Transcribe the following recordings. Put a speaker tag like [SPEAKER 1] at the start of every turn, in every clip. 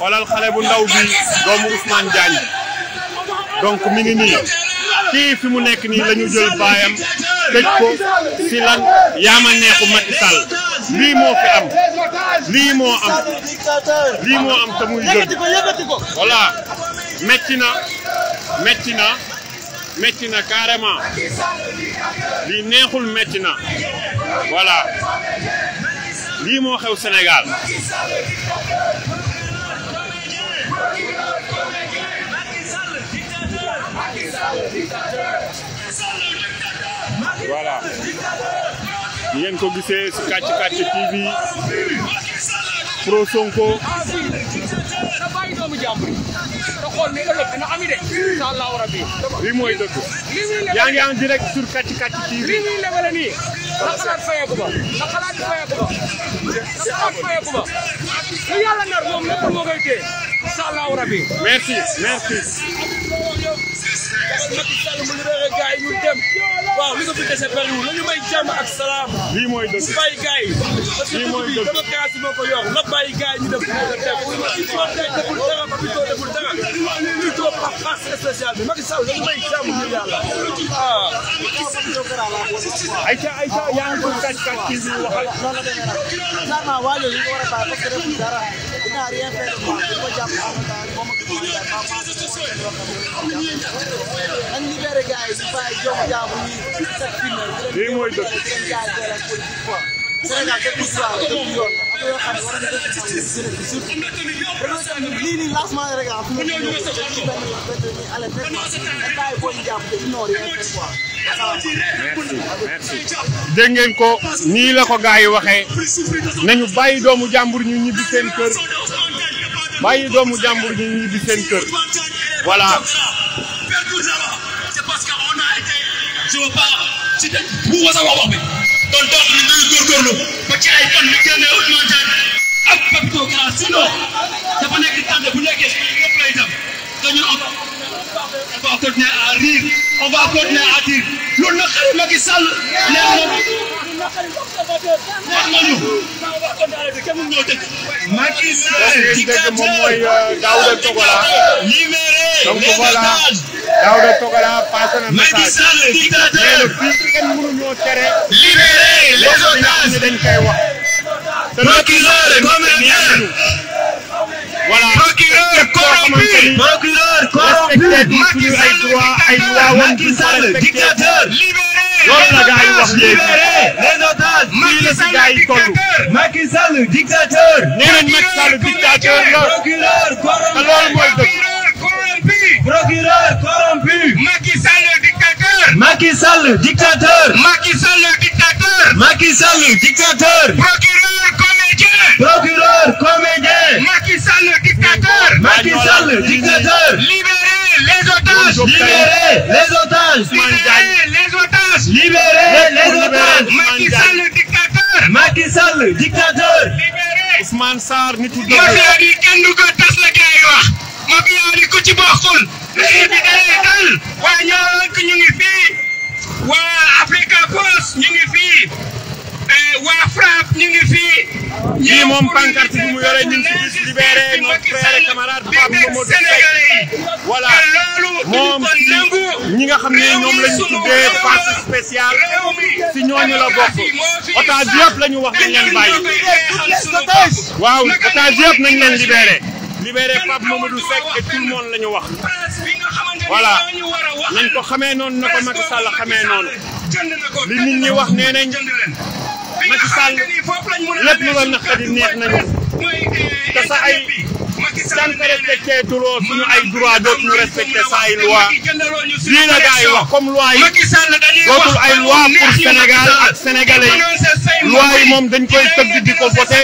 [SPEAKER 1] waaw. xale bu ndaw bi doomu Ousmane Diagne donc mi ngi fi mu nekk nii la ñu jël baayam tëj ko si yaa
[SPEAKER 2] ma neexu Macky Sall
[SPEAKER 1] lii moo fi am lii moo am lii muy jël voilà
[SPEAKER 3] metti na metti na metti na carrément lii neexul metti na voilà. lii moo xew Sénégal voilà di ngeen ko gisee si Kàcc Kàcc TV pro Sonko
[SPEAKER 1] na bàyyi doomu jàmbur te xool ni ëllëg dina am de incha allahu rabi. lii mooy dëkk. lii muy lebale yaa ngi en direct sur Kàcci Kàcci TV. lii muy lebale nii. na xalaat fayeeku ba na xalaat fayeeku na xalaat fayeeku ba lu yàlla nar moom lépp moo koy téye incha allahu rabi. daxal Macky Sall mu libéré gars yi ñu dem waaw li ko fi dese bariwul nañu may jàmm ak salaam lii mooy dëgg bàyyi gars yi parce que dëkk bi démocratie moo ko yor la bàyyi gars yi ñu def ñu def Mito tey deful dara Mito deful dara Mito par passe spéciale bi Macky Sall nañu may jàmm ñu yàlla ah ayca ayca yaa ngi ko kàcc kàcc kii bi waxal normalement waajoo yi ko war a bàyyi parce que deful dara il n'a rien fait de mal ko jàpp nañ libéré gars yi ñu bàyyi jox ngeen ko nii la ko gars yi waxee nañu bàyyi doomu jàmbur ñu ñibbi seen kër. bàyyi doomu jàmbur ñu ñibbi seen kër voilà. je veux pas ci dëkk bu wasa wax wax bi kon donc ñu ngi góorgóorlu ba ci ay fan ñu génnee Ousmane Diagne ak Papito Kara sinon dafa nekk tànn bu nekkee lépp lay dem te ñun on va continuer à rire on va continuer à dire loolu nag xëy na Macky Sall nee na wax nañu. Macky Sall dictateur moom mooy Daouda Togola. libéré donc voilà Daouda Togola passé na message. Macky Sall dictateur mais nag fii kenn mënuñoo tere. libéré les otages dañ koy
[SPEAKER 2] wax. Macky Sall
[SPEAKER 1] commercial. voilà procureur corrompu procureur corrompu Macky Sall dictateur Macky Sall dictateur libéré. loolu la gars yi wax léegi les otages fii la si gars yi toll. Macky Sall dictateur. nee nañ Macky Sall dictateur la. procureur corrompu loolu mooy dëgg. procureur corrompu. Macky Sall dictateur. Macky Sall dictateur. Macky Sall dictateur. Macky Sall dictateur. procureur procureur comédien. Macky Sall dictateur. Macky Sall dictateur.
[SPEAKER 4] Libérez les otages. Libérez les otages. Libérez
[SPEAKER 1] les otages. Libérez les otages. Macky Sall dictateur. Macky Sall dictateur. Libérez. Ousmane Sarr nitu doole. mafia bi kenn du ko tas la gars yi wax. mafia bi ku ci bokkul. réew bi dalee dal. waa ñoo ñu ngi fii. waa Africa Post ñu ngi fii. Eh, waa FRAPP ñu ngi fii. lii moom pancarte bi mu yore ñu ngi si libéré notre frère et camarade Pape Mamadou Seck eh, moom ñi nga xam ne ñoom la ñu tuddee passe spéciale si ñooñu la bokk otage yëpp la wax nañ leen bàyyi. waaw otage yëpp nañ leen libéré libéré Pape Mamadou Seck et tout le monde la ñu wax voilà nañ ko xamee noonu na ko Macky Sall xamee noonu li ñu ñi wax nee nañ. Macky Sall lépp lu la naqari neex nañu te sa ay tant que respecté tuloo suñu ay droit dootuñu respecté sa ay loi
[SPEAKER 5] lii la gars yi wax comme loi yi dootul ay loi pour Sénégal ak sénégalais yi loi yi moom
[SPEAKER 1] dañ koy tëgg di ko voté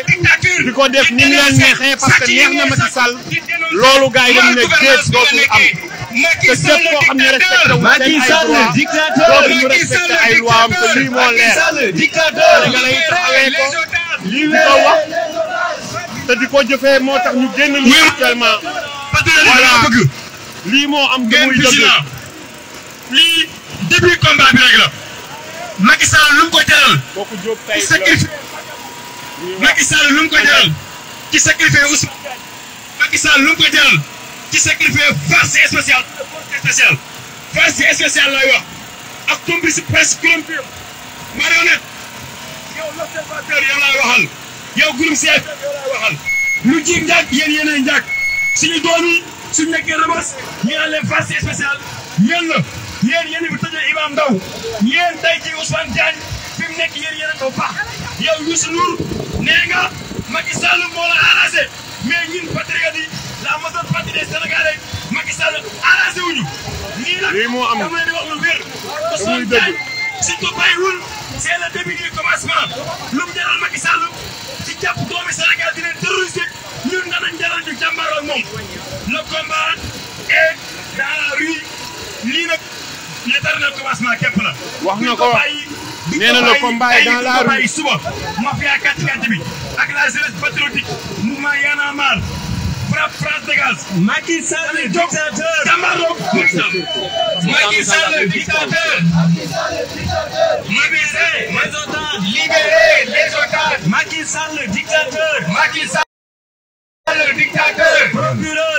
[SPEAKER 1] di ko def ni mu leen neexee loolu gars yi dañu ne géej dootul am. te képp koo xam ne respecté wu seen ay droit dootu ñu respecté ay moo leer sénégalais yi
[SPEAKER 6] taxawee
[SPEAKER 1] ko di ko wax di ko jëfee moo tax ñu génn lii moo am te muy dëgg lii début combat bi rek jaral ci sacrifice Macky ko jaral ci sacrifice ko jaral ci sacrifier force spéciale force spéciale force spéciale lay wax ak tumbi si presse gulum bi marionnette yow l'observateur yow laay waxal yow gulum si yow laay waxal lu ji njàkk yéen yéenay njàkk suñu doom yi suñu nekkee rëbës ñu naan leen force spéciale yéen la yéen yéen bi tëjee Imaam Ndao yéen tey jii Ousmane fi mu nekk yéen yéen a ko baax yow Youssou Ndour nee nga Macky Sall moo la arrangé mais ñun patriote yi la majeure partie des Sénégalais Macky Sall arrangé wuñu. lii moo am lii nag wax lu wér. Ousmane Diagne suñ ko bàyyiwul c' est le début du commencement lu mu jaral Macky Sall ci jàpp doomi Sénégal di leen terroriser ñun danañ moom. le combat est dans la rue lii nag l'éternel commencement képp wax na ko nee na le combat est dans la rue suba mafia kàcc kàcc bi ak la jeunesse patriotique. Sénégal. Macky Sall le dictateur. Cameroun Macky Sall le dictateur. Libérez les otages. Libérez les otages. Macky Sall le dictateur. Macky Sall le dictateur. Procureur.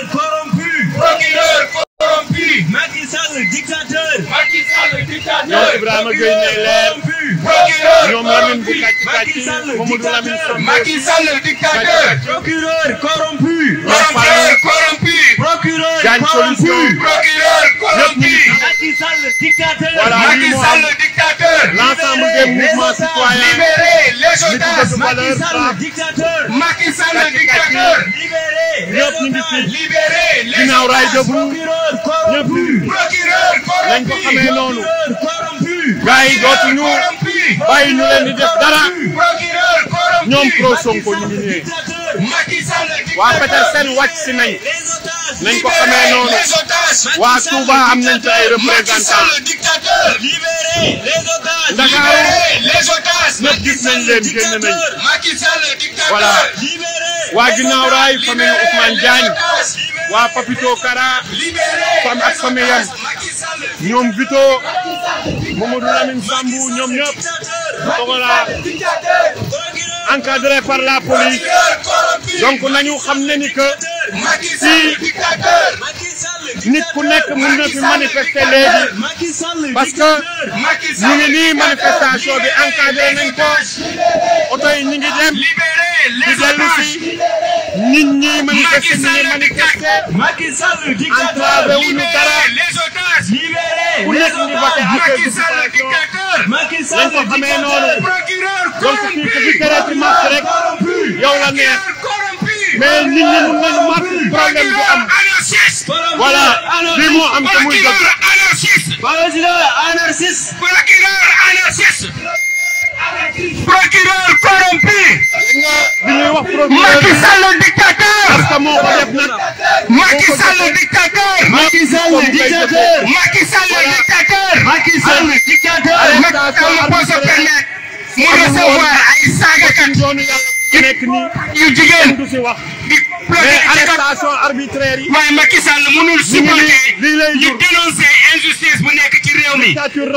[SPEAKER 1] Sall dictateur. a Sall dictateur. ñoom Ibrahima Gueye ne leer. procureur ñoom Lamine bu kàcc kàcc. Mamadou Lamine Sall. Macky dictateur. procureur corrompu. procureur corrompu procureur corrompu Macky Sall dictateur voilà Macky Sall
[SPEAKER 4] dictateur l'ensemble des mouvements
[SPEAKER 1] citoyens libérez les otages Macky Sall dictateur Macky Sall dictateur libérez les otages libérez ko xamee noonu gars yi dootuñu
[SPEAKER 3] bàyyi
[SPEAKER 6] leen di def dara
[SPEAKER 3] ñoom
[SPEAKER 1] pro Sonko ñu waa Petersen wàcc si nañ nañ ko xamee noonu waa Touba am nañ ci ay représentants Ndakaaru ñëpp gis nañ leen génn nañ voilà waa ginnaaw raay famille Ousmane Diagne waa Papito Kara fam ak famille yam ñoom Vito
[SPEAKER 6] Mamadou Lamine
[SPEAKER 1] Sambou ñoom ñëpp Pogola. encadré par la police donc nañu xam ne ni que si nit ku nekk mën na fi léegi parce que
[SPEAKER 2] ñu ngi nii manifestation bi encadré
[SPEAKER 1] nañ oto yi ñu ngi dem di dellu si nit ñi manifester ñu ngi manifester entravé wu ñu dara ku nekk ñu voté affaire de situation lañ ko xamee
[SPEAKER 6] voilà lii moo am te muy dëgg. procureur
[SPEAKER 1] anarchiste. procureur anarchiste.
[SPEAKER 6] procureur corrompu. li ñuy wax procureur Macky Sall dictateur. parce que moo ko def nag. Macky Sall dictateur. Macky Sall
[SPEAKER 1] dictateur. Macky Sall dictateur. Macky Sall dictateur. Macky Sall dictateur. mu recevoir ay saagakat. yu nekk nii yu jigéen du si wax. mais arrestation arbitraire yi. waaye Macky Sall mënul supporter ñu dénoncer injustice bu nekk ci réew mi.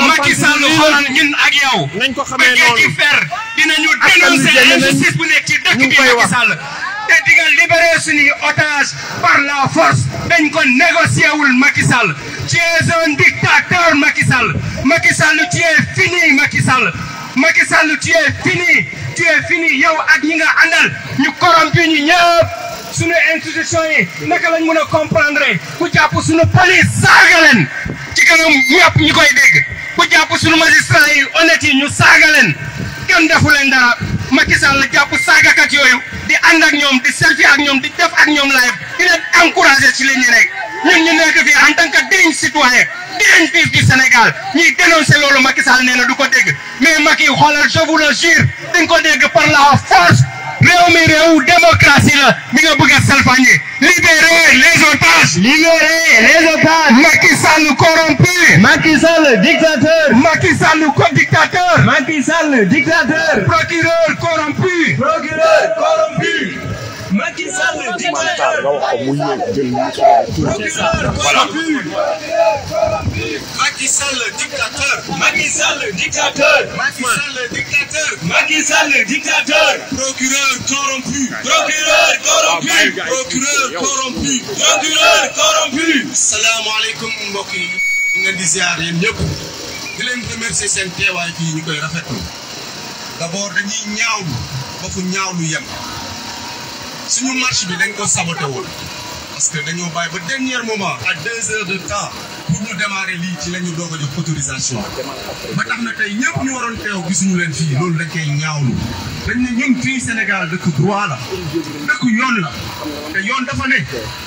[SPEAKER 1] Macky Sall xoolal ñun ak yow. nañ ko xamee noonu ci fer dinañu dénoncer injustice bu nekk ci dëkk bi Macky Sall. te di nga libérer suñuy otage par la force dañ ko négocier wul Macky Sall. tu es un dictateur Macky Sall. Macky Sall tu es fini Macky Sall. Macky Sall tu es fini tu es fini yow ak ñi nga àndal ñu corrompu ñu ñëpp suñu institution yi naka lañ mën a comprendre ku jàpp suñu police saaga leen ci kanam ñëpp ñu koy dégg ku jàpp suñu magistrat yi honnête ñu saaga leen kenn defu leen dara Macky Sall jàpp saagakat yooyu di ànd ak ñoom di selfie ak ñoom di def ak ñoom live di leen encouragé ci li ñu nekk ñun ñu nekk fii en tant que digne citoyen digne fils du Sénégal ñuy dénoncer loolu Macky Sall nee na du ko dégg mais Macky xoolal je vous le jure di nga ko dégg par la force réew mi réew démocratie la mi nga bëgg a salfañe libérer les otages. libérer les otages. Macky Sall corrompu. Macky Sall dictateur. Macky Sall co-dictateur. Macky Sall dictateur. procureur corrompu. procureur corrompu. Matar nga wax ko mu ñëw jël micro bi tuur ci voilà. Macky Sall procureur corrompu. procureur corrompu. Ah, procureur corrompu. procureur corrompu. salaamaaleykum mbokk yi. ñu ngi di ziar yéen ñëpp. di teewaay fii ñu koy rafetlu. d'abord dañuy ñaawlu ba fu ñaawlu yem. suñu match bi dañ ko saboté woon parce que dañoo bàyyi ba dernier moment à deux heures de temps pour ñu démarrer lii ci la ñu doog a jox autorisation ba tax na tey ñëpp ñu waroon teew gisuñu leen fii loolu dañ koy ñaawlu dañ ne ñun fii Sénégal dëkk droit la dëkk yoon la te yoon dafa ne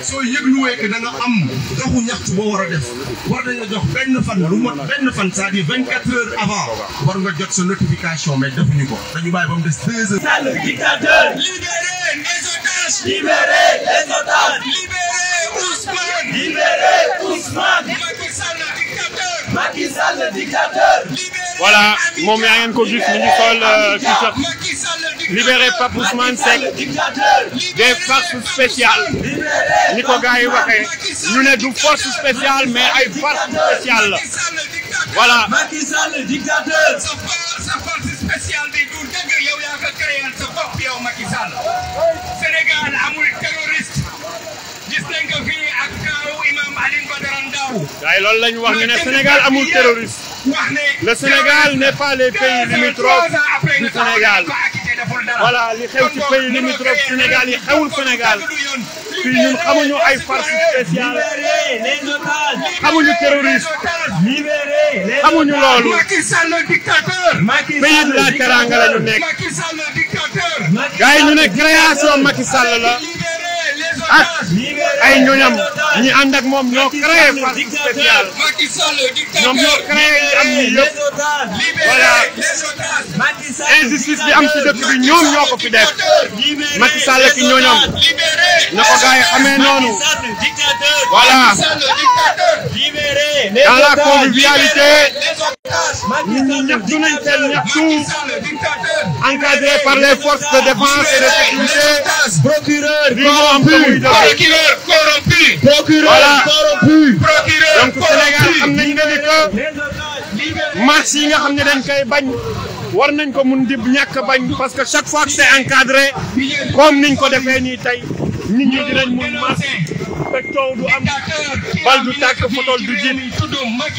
[SPEAKER 1] soo yëgluwee que da nga am doxu ñaxtu boo war a def war nañu jox benn fan lu mot benn fan c'est-à-dire vingt quatre heures avant war nga jot sa notification mais defuñu ko dañu bàyyi ba mu Marrakech libérez les otages libérez Ousmane libérez Ousmane Macky Sall le dictateur Macky Sall le ko gis mi des forces spéciales ni ko gars yi waxee ñu ne mais ay force voilà Macky Sall le spécial Sénégal amul terroriste waaye loolu la ñu wax ñu ne Sénégal amul terroriste. wax ne Sénégal n'est pas les pays Sénégal. voilà li xew ci pays limitrophe Sénégal yi xewul Sénégal fii ñun xamuñu ay force spéciale xamuñu terroriste xamuñu loolu pays de la teranga la ñu nekk gars yi ñu ne la ak ah, ay ñoñam ñi ànd ak moom ñoo créé force spéciale
[SPEAKER 6] ñoom ñoo créé yi am ni yëpp
[SPEAKER 1] voilà injustice bi am ci dëkk bi ñoom ñoo ko fi def Macky Sall ki ñoñam na ko gars yi noonu voilà dans la convivialité nit ñi nañ seen ñaxtu encadré par les forces de défense et de sécurité procureur
[SPEAKER 6] procureur
[SPEAKER 1] corrompu. procureur corrompu. procureur donc Sénégal xam nañ ne que marche yi nga xam ne dañ koy bañ war nañ ko mun di ñàkk bañ parce que chaque fois que c'est encadré comme niñ ko defee nii tey nit ñi dinañ mun marche te coow du am bal du tàkk fotol du jin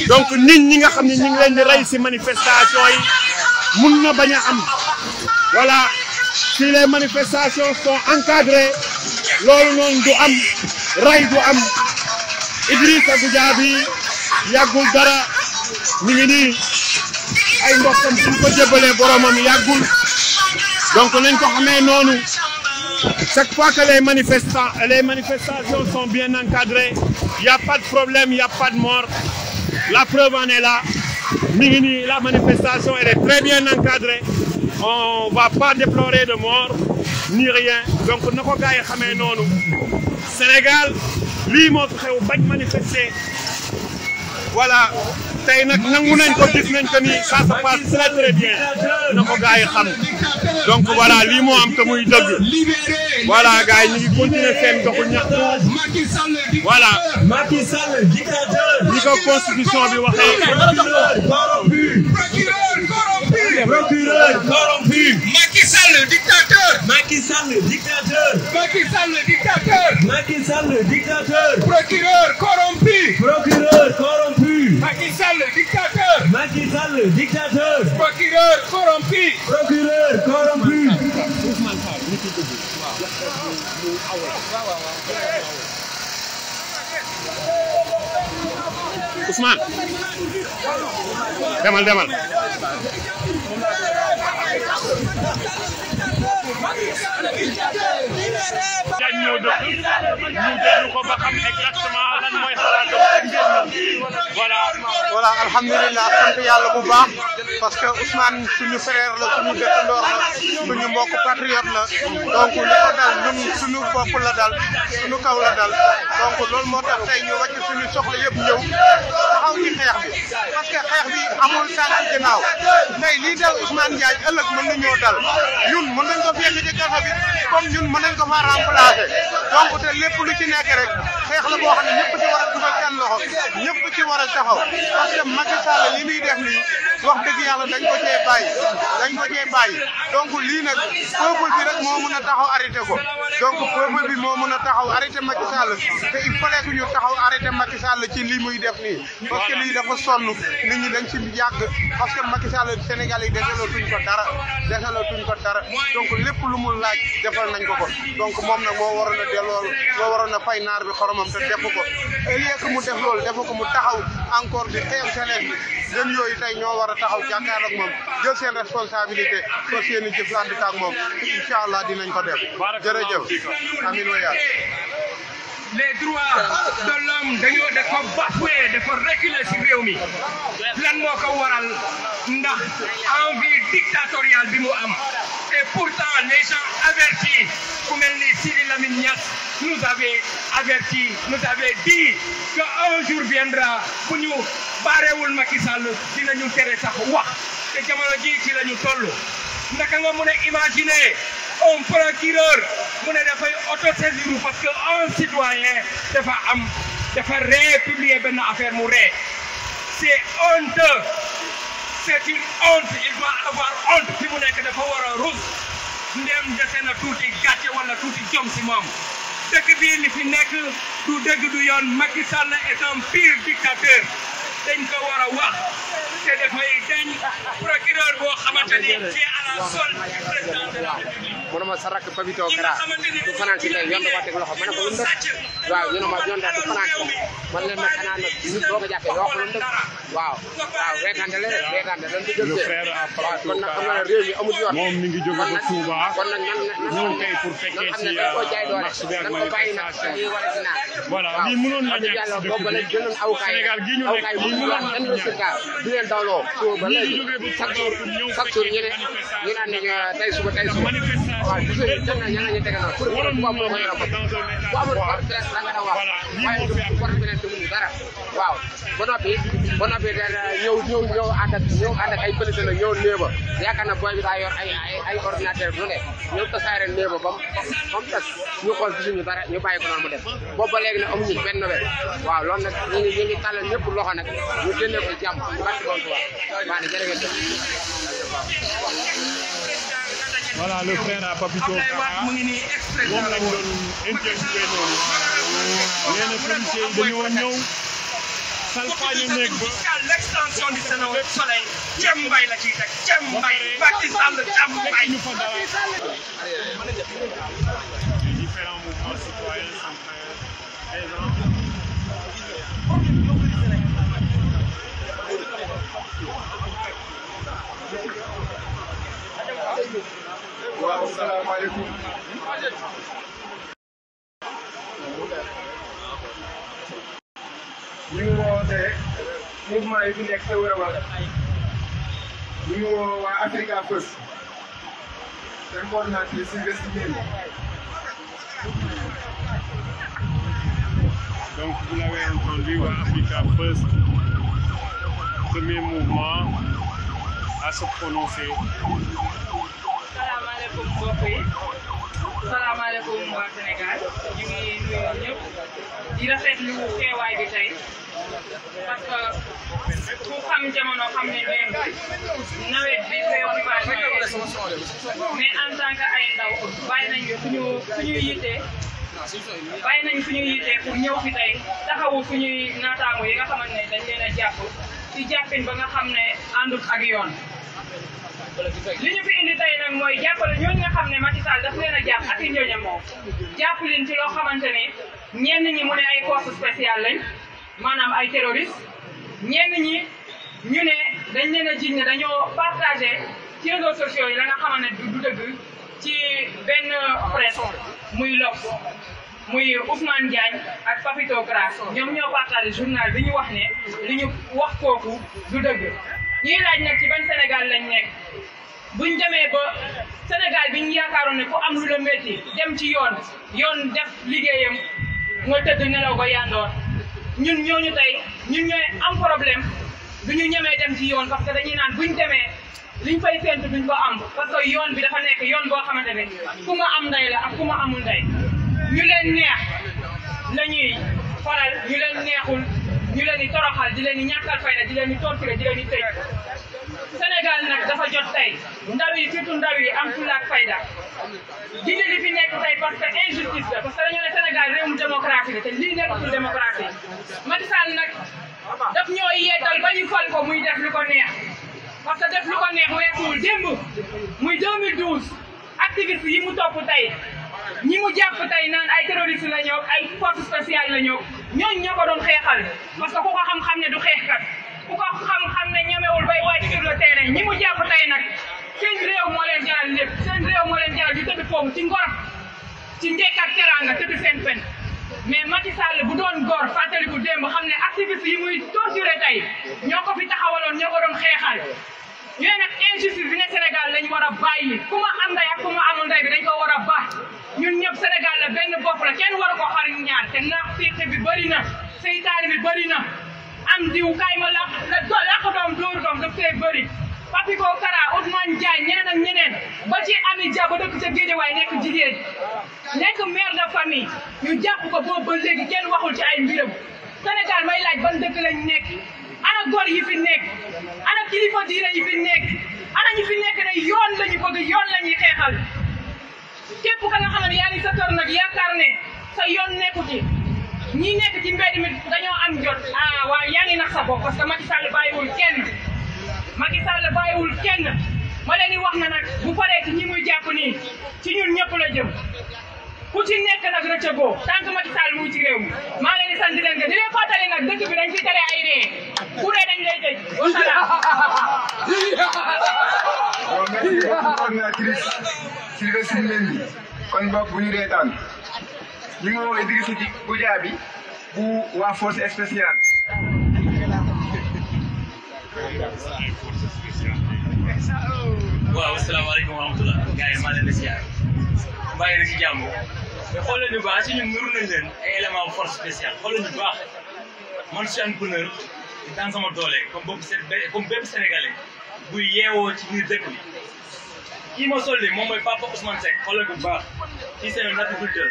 [SPEAKER 1] donc nit ñi nga xam ne ñu ngi leen di rey si manifestation yi mun na bañ a am voilà si les manifestations sont encadrées. loolu noonu du am ray du am Idrissa Goudiaby yàggul dara mi ngi nii ay mbokkam suñ ko jébbalee boromam yàggul donc nañ ko xamee noonu chaque fois que les manifestants les manifestations sont bien encadrées y a pas de problème y a pas de mort la preuve en est là mi ngi nii la manifestation elle est très bien encadrée on va pas déplorer de mort ni rien donc na ko gars yi noonu Sénégal lii moo fi xew bañ manifester voilà tey nag nangu nañ ko gis nañ ko ni ça se passe très très bien na ko gars yi xam donc voilà lii moo am te muy dëgg voilà gars yi ñu ngi continuer seen doxu ñaxtu voilà ñi ko constitution bi waxee. Sall dictateur. Macky Sall dictateur. Macky Sall dictateur. Macky Sall dictateur. Procureur corrompu. Procureur corrompu. Macky Sall dictateur. Macky Sall dictateur. Procureur corrompu. Procureur corrompu.
[SPEAKER 2] Ousmane
[SPEAKER 6] demal demal
[SPEAKER 1] ñu déglu ko ba xam exactement lan mooy xalaatam voilà.
[SPEAKER 2] voilà alhamdulilah sant yàlla bu baax. parce que Ousmane suñu frère la suñu mbokk patriote la donc li ko dal ñun suñu bopp la dal suñu kaw la dal donc loolu moo tax tey ñu wàcc suñu soxla yëpp ñëw taxaw ci xeex bi parce xeex bi amul tànk ginnaaw tey lii dal Ousmane Diagne ëllëg mën nañoo dal ñun mën nañ ko fekk ci kaso comme ñun mën nañ ko faa remplacer donc te lépp lu ci nekk rek xeex la boo xam ne ñëpp ci war a dugal seen loxo ñëpp taxaw parce que li muy def nii wax dëgg yàlla dañ ko cee bàyyi dañ ko cee bàyyi donc lii nag peuple bi rek moo mën a taxaw arrêté ko donc peuple bi moo mën a taxaw arrêté Macky Sall te il fallait ñu taxaw arrêté Macky Sall ci lii muy def nii parce que lii dafa sonn nit ñi dañ ci yàgg parce que Macky Sall Sénégal yi desaloo tuñ ko dara desaloo tuñ ko dara donc lépp lu mu laaj defal nañ ko ko donc moom nag moo waroon a doomam te defu ko au lieu que mu def loolu defu ko mu taxaw encore di teew jeunesse bi yooyu tey ñoo war a taxaw jàkkaarloo ak moom jël seen responsabilité fas yéene jëflante ak moom incha allah dinañ ko def jërëjëf amin wa yàlla
[SPEAKER 1] les droits de dañoo dafa bafoué dafa reculer ci réew lan moo ko waral ndax envie dictatoriale bi mu am et pourtant les gens avertis ku mel ni Sidi Lamine Niass nous avait averti nous avait dit que un jour viendra bu ñu baarewul Macky Sall dinañu tere sax wax te jamono ji ci lañu ñu toll naka nga mën a imaginer un procureur mu ne dafay autosaisir parce que un citoyen dafa am dafa ree publier benn affaire mu ree c'est honteux c'est une honte il doit avoir honte fi mu nekk dafa war a rus ndem dese na tuuti gàcce wala tuuti jom si moom dëkk bii li fi nekk du dëgg du yoon Macky Sall est un pire dictateur dañ ko war a wax te dafay dañ procureur boo xamante ni c'est à la solde du
[SPEAKER 4] président de la République. mu ne ma sarak Papito Kara du fanaan si tey yoon na ko teg
[SPEAKER 1] loxo ma ne ko lu mu def waaw ñu ne ma yoon daal du fanaan si man leen nag xanaa nag nit boo ko jàppee yoo xam lu mu def waaw waaw reetaande la reetaande lan di jël waaw kon nag xam nga ne réew mi amul yoon moom mi ngi jóge ba Touba kon nag nan ñëw tey pour fekkee ci euh, marche bi ak manifestation voilà lii mënoon na ñàkk si dëkk bi Sénégal gi ñu nekk dem na
[SPEAKER 4] si gaaw di leen dawloo suba ba léegi chaque jour chaque jour ñu ne ñu naan ne tey suba tey suba waaw gis nga teg na ña nga ñu teg na pour que bu amul woon nga yoroon ko bu amul woon stress da nga wax waaye du war dara waaw
[SPEAKER 1] ba noppi ba noppi ñëw ñëw ñëw ànd ak ñëw ànd la ñëw néeba yaakaar na booy bi daa ay ay ordinateur lu ne ñëw néeba ba mu tas ñu xool gisuñu dara ñu bàyyi ko noonu mu def boobu ba léegi nag amuñu benn nouvelle waaw loolu nag ñu ngi ñu ngi tàllal ñëpp loxo nag ñu génne ko jàmm barki bon tuwa maa ne jërëjëf
[SPEAKER 3] voilà le frère à Papito Kara moom
[SPEAKER 1] lañ doon interviewé noonu nee na policiers yi dañoo ñëw salfaañu néeg ba l'extension du soleil jëm mbay la ciy teg jëm mbay Macky Sall jëm
[SPEAKER 6] asalaamaaleykum
[SPEAKER 1] ñu ngi woote mouvement yi fi nekk te wér waa Africa First seen coordinatrice si
[SPEAKER 3] donc vous l'avez entendu waa Africa First premier mouvement à se prononcer
[SPEAKER 5] salaamaaleykum mbokk yi salaamaaleykum waa Sénégal ñu ngi
[SPEAKER 6] nuyu ñëpp di rafetlu teewaay bi tey
[SPEAKER 5] parce que ku xam jamono xam ne nawet bi réew mi baax mais en tant que ay ndaw bàyyi nañ fu suñu yitte bàyyi nañ ñu yitte pour ñëw fi tey taxawu suñuy naataango yi nga xamante ne dañ leen a jàpp ci jàppin ba nga xam ne àndut ak yoon. li ñu fi indi tey mooy jàppale ñooñu nga xam ne Macky Sall daf leen a jàpp ak i ñooñam moom jàpp leen ci loo xamante ne ñenn ñi mu ne ay force spéciale lañ maanaam ay terroriste ñenn ñi ñu ne dañ leen a jiñ dañoo partagé ci réseaux sociaux yi la nga xamante ne du dëgg ci benn presse muy L'Obs muy Ousmane Diagne ak Papito Grasso ñoom ñoo partagé journal bi ñu wax ne li ñu wax kooku du dëgg ñuy laaj nag ci ban Sénégal lañ nekk buñ demee ba Sénégal bi ñu yaakaaroon ne ku am lu la métti dem ci yoon yoon def liggéeyam nga tëdd nelaw ba yandoor ñun ñooñu tey ñun ñooy am problème bu ñu ñemee dem ci yoon parce que dañuy naan buñ demee liñ fay séntu buñ ko am parce que yoon bi dafa nekk yoon boo xamante ne ku am ndey la ak ku ma amul ndey ñu leen neex la faral ñu leen neexul. ñu leen di di leen di ñàkkal fayda di leen di torturer di leen di tëj nag dafa jot tey ndaw yi surtout ndaw yi am fulaak fayda di li fi nekk tey parce que injustice la parce que dañoo ne Sénégal réewum démocratie la te lii nekkatul démocratie Macky Sall nag daf ñoo yeetal ba ñu fal ko muy def lu ko neex parce que def lu ko neex weesuwul démb muy 2012 activiste yi mu topp tey ñi mu jàpp tey naan ay terroriste la ñoo ay force spéciale la ñoo ñooñ ñoo ko doon xeexal parce ko xam-xam ne du xeexkat ku ko xam-xam ne ñemewul bay wàcc sur le terrain ñi mu jàpp tey nag seen réew moo leen jaral lépp seen réew moo leen jaral di tëdd foofu ci ngor ci njëkk ak teraanga tëdd seen fen mais Macky Sall bu doon góor fàttaliku démb xam ne activiste yi muy torturé tey ñoo ko fi taxawaloon ñoo ko bi ne Sénégal lañ war a bàyyi ku ma am ndey ak ku ma dañ ko war a ñun ñëpp Sénégal la benn bopp la kenn war ko ñu ñaar te naax féete bi bëri na seytaane bi bëri na am diw kaay ma làq làq doom dóor doom daf see bëri Papiko Kara Ousmane Diagne ñeneen ak ñeneen ba ci Ami a ba ja ca Guédiawaye nekk jigéen nekk mère de famille ñu jàpp ko boobu ba léegi kenn waxul ci ay mbiram Sénégal may laaj ban dëkk lañ nekk ana góor yi fi nekk ana kilifa diine yi fi nekk ana ñu fi nekk ne lañu bëgg yoon la xeexal képp ka nga xam ne yaa ngi sa kër nag yaakaar ne sa yoon nekku ñi nekk ci mbedd mi dañoo am jot ah waaw yaa ngi nax sa bopp parce que Macky Sall bàyyiwul kenn Macky Sall bàyyiwul kenn ma leen di wax na nag bu paree ci ñi muy jàpp nii ci ñun ñëpp la jëm. ku ci nekk nag rëccëgoo tant que Macky ci réew mi maa ngi leen di sant di leen gërëm di leen fàttali nag dëkk ay ree ku ree dañ lay tëj wasalaam
[SPEAKER 4] coordinatrice Sylvestine Mendy kon
[SPEAKER 1] boog bu jaabi bu waa force spéciale waaw asalaamaaleykum wa rahmatulah gars yi maa leen di siyaar mais xoolal ñu baax si ñun niru nañ leen ay élément force spéciale xoolal ñu baax man je suis entrepreneur di daan sama doole comme bopp comme bépp sénégalais yeewoo ci biir dëkk bi kii sol nii moom mooy papa Ousmane Seck xoolal bu baax kii seen agriculteur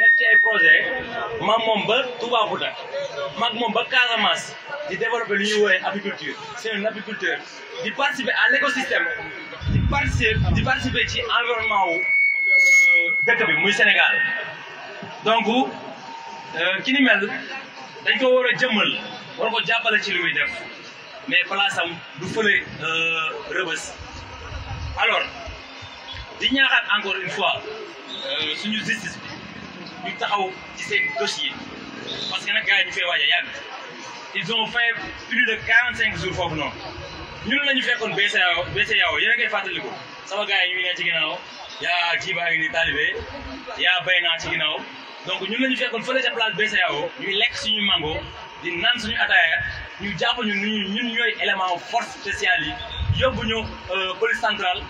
[SPEAKER 1] nekk ci ay projet ma moom ba Toubacouta maag moom ba Casamance di développer lu ñuy woowee apiculture seen apiculteur di participer à l' di participer di participer ci environnement wu dëkk bi muy Sénégal donc euh, ki mel dañ ko war a jëmmal war ko jàppale ci li muy def mais place am du fële euh, rëbës alors di ñaaxaat encore une fois euh, suñu justice bi ñu taxaw ci seen dossier parce que nag gars yi ñu fee waaj a yàgg ils ont fait plus de quarante cinq jours foofu noonu ñun la ñu fekkoon BCEAO BCEAO yéen a koy fàttaliku sama gars yi ñu ngi ci ginnaaw yaa kii baa ngi ni taalibe yaa bay naa ci ginnaaw donc ñun la ñu fekkoon fële ca place BCEAO ñuy lekk suñu mango di naan suñu ataaya ñu jàpp ñu ñun ñooy élément force spéciale yi yóbbu ñu euh, police centrale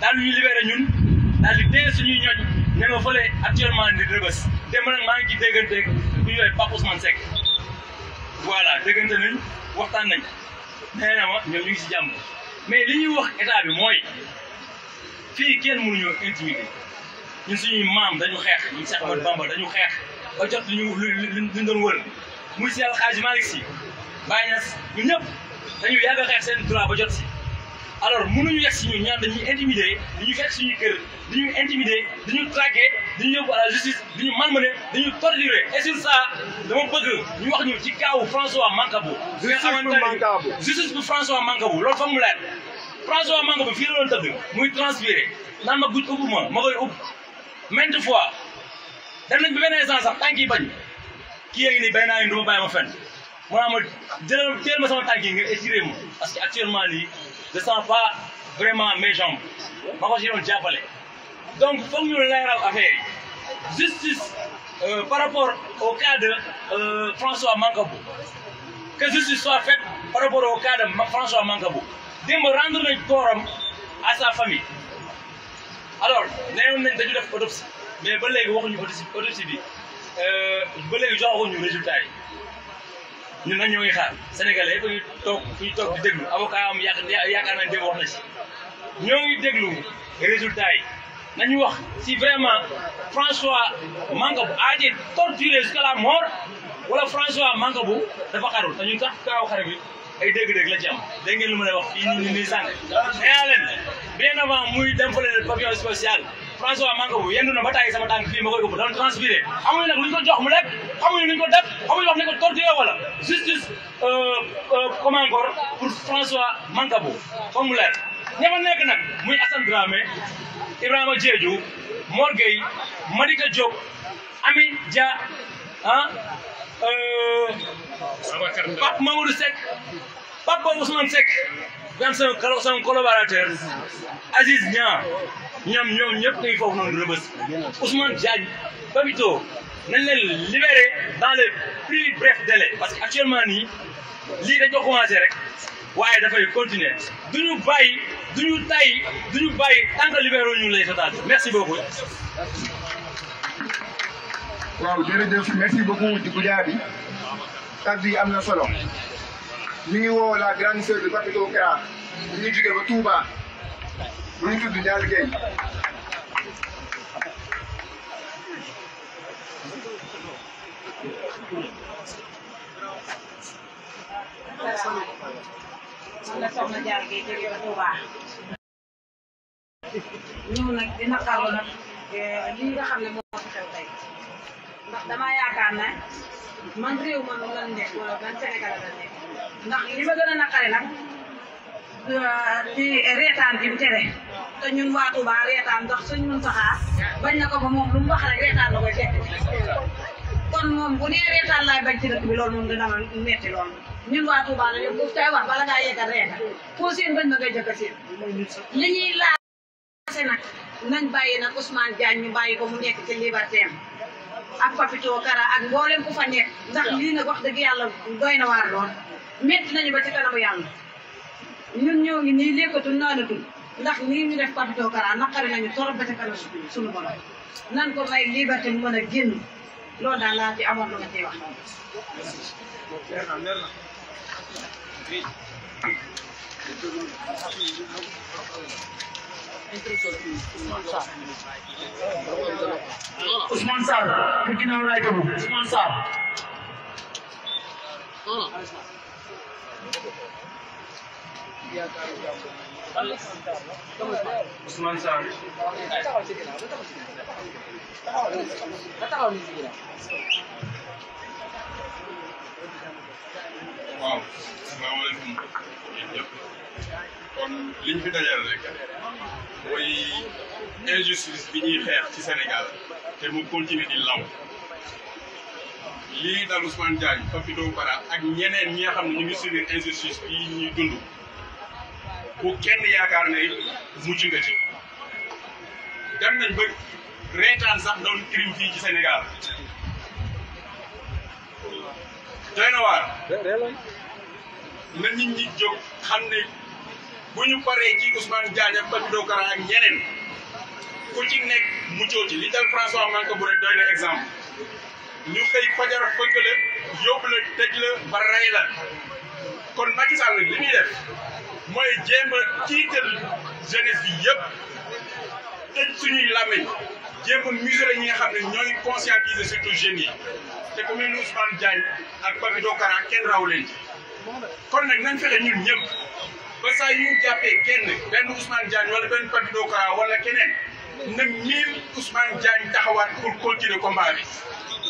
[SPEAKER 1] daal ñu libéré ñun daal di téye suñuy ñoñ ña nga fële actuellement di rëbës démb nag maa ngi ci déggante ku ñuy Pape Ousmane Seck voilà déggante nañ waxtaan nañ. nee na ma ñoom ñu si jàmm mais li ñuy wax état bi mooy fii kenn mënuñoo intimider ñun suñuy maam dañu xeex ñun Cheikh Ahmadou Bamba dañu xeex ba jot li ñu li doon mu muy si El Hadj Malick Sy Baye Niass ñun ñëpp dañu yàgg a xeex seen droit ba jot si. alors mënuñu yegg si ñun ñu dañuy intimider ñu fekk suñuy kër dañuy intimider dañuy traquer dañuy yóbbu à la justice dañuy malmener dañuy torturer et sur ça dama bëgg ñu wax ñu ci kaawu François Mancabou. justice bu François Mancabou loolu foog mu leer François Mancabou fii la doon tëdd muy transpirer naan ma gudd ubbu ma ma koy ubb fois dem nañ ba benn instant sax tànk bañ kii yaa ngi nii bay naa leen du ma bàyyi ma fenn mu naa ma jëlal jëlal ma sama tànk yi nga étiré ma parce que actuellement je sens pas vraiment mes jambes ma ko si doon jàppale donc foog ñu leeral affaire yi justice euh, par rapport au cas de euh, François Mancabou que justice soit faite par rapport au cas de François Mancabou démb rendre nañ kooram à sa famille alors neewoon nañ dañu def autopsie mais ba léegi waxuñu autopsie bi euh, ba léegi joxaguñu résultat yi ñun nag ñoo ngi xaar sénégalais ñu toog ñu toog di déglu avocat am yaakaar nañ dem wax na si ñoo ngi déglu résultat yi nañu wax si vraiment François Mancabou a été torturé jusqu'à la mort wala François Mancabou dafa xarul te ñun sax kaaw xare bi ay dégg-dégg la ci am dégg ngeen lu ma wax fii nii nii sànq. nee naa leen bien muy dem fële pavillon spécial. François Manga bu yendu na ba tàyyi sama tànk fii ma koy ëpp doon transpiré xamuñu nag lu ñu ko jox mu lekk xamuñu lu ko def xamuñu wax ne ko torturé wala justice euh, euh, pour François Manga bu foog mu nekk nag muy Assane Dramé Ibrahima Diédhiou Mor Gueye Madika Diop Ami Dia ah euh, Pape Mamadou Seck Pape Boy Ousmane Seck daan sama kala sama collaborateur
[SPEAKER 6] Aziz Niang
[SPEAKER 1] ñoom ñoom ñëpp ngi foofu noonu rëbës Ousmane Diagne Babito nañ leen libéré dans les plus brefs délais parce que actuellement nii lii dañoo commencé rek waaye dafay continuer du ñu bàyyi du ñu tay du ñu bàyyi tant que libéré ñu lay total merci beaucoup. waaw
[SPEAKER 4] jërëjëf merci beaucoup Djibo Diaby kàddu yi am na solo. mi ngi woo la grande sœur du Papito Kara bu ñu jugee ba Touba bu ñu tudd Ndiaye Gueye man
[SPEAKER 5] la soxna Ndiaye Gueye jóge ba Touba ñëw nag dina xaru nag eh, lii nga xam ne moo fi xew tey ndax damaa yaakaar ne man réew man lan nekk wala man Sénégal lan nekk ndax li ma gën a naqare euh, di reetaan bi mu tere te ñun waa Touba reetaan ndax suñ mun saxaa bañ na ko ba moom lu mu wax rek reetaan la koy fekk kon moom bu nee reetaan laay bañ ci dëkk bi loolu moom dina ma metti loolu ñun waa Touba nag bu tey wax bala ngaa yeggal reetaan foo seen bañ na ngay jëkk seen li ñuy laase nag nañ nag Ousmane Diagne ñu bàyyi ko mu nekk ci liberté am ak Papito Kara ak mboolem ku fa nekk ndax lii nag wax dëgg yàlla doy na waar lool métti nañu ba ci kanamu yàlla ñun ñoo ngi nii lekkatul naanatul ndax nii ñu def patutoo kara naqari nañu torop ba ci kanam suñu borom nan ko may liberté mu mën a génn loolu daal laa ci amoon lu ma ciy wax
[SPEAKER 1] Ousmane Sarr. Ousmane Sarr.
[SPEAKER 6] Ousmane
[SPEAKER 5] Sarr. waaw asalaamaaleykum
[SPEAKER 6] yéen ñëpp kon liñ fi dajal rek mooy
[SPEAKER 3] injustice bi ñuy xeex ci Sénégal te mu continuer di law.
[SPEAKER 1] lii dal Ousmane Diagne Papis Dôme ak ñeneen ñi nga xam ne ñu ngi subir injustice bii ñuy dund bu kenn yaakaar ne mucc nga ci dem nañ ba reetaan sax doon crime fii ci senegal doy na na nit ñi jóg xam ne bu ñu paree ci Ousmane Diagne ak Papis ak ñeneen ku ci nekk muccoo ci li dal François Mancabou rek doy na exemple ñu xëy fajar fëgg la yóbbu la tëj la ba rey la kon Macky Sall nag li muy def mooy jéem a tiital jeunesse bi yëpp tëj suñuy làmmiñ jéem a muselé ñi xam ne ñooy conscientiser surtout jeunes yi te ku mel ni Ousmane Diagne ak Papito Kara kenn raw leen kon nag nañ fexe ñun ñëpp ba saa ñu jàppee kenn benn Ousmane Diagne wala benn Papito wala keneen. na miin Ousmane Diagne taxawaat pour continuer combat bi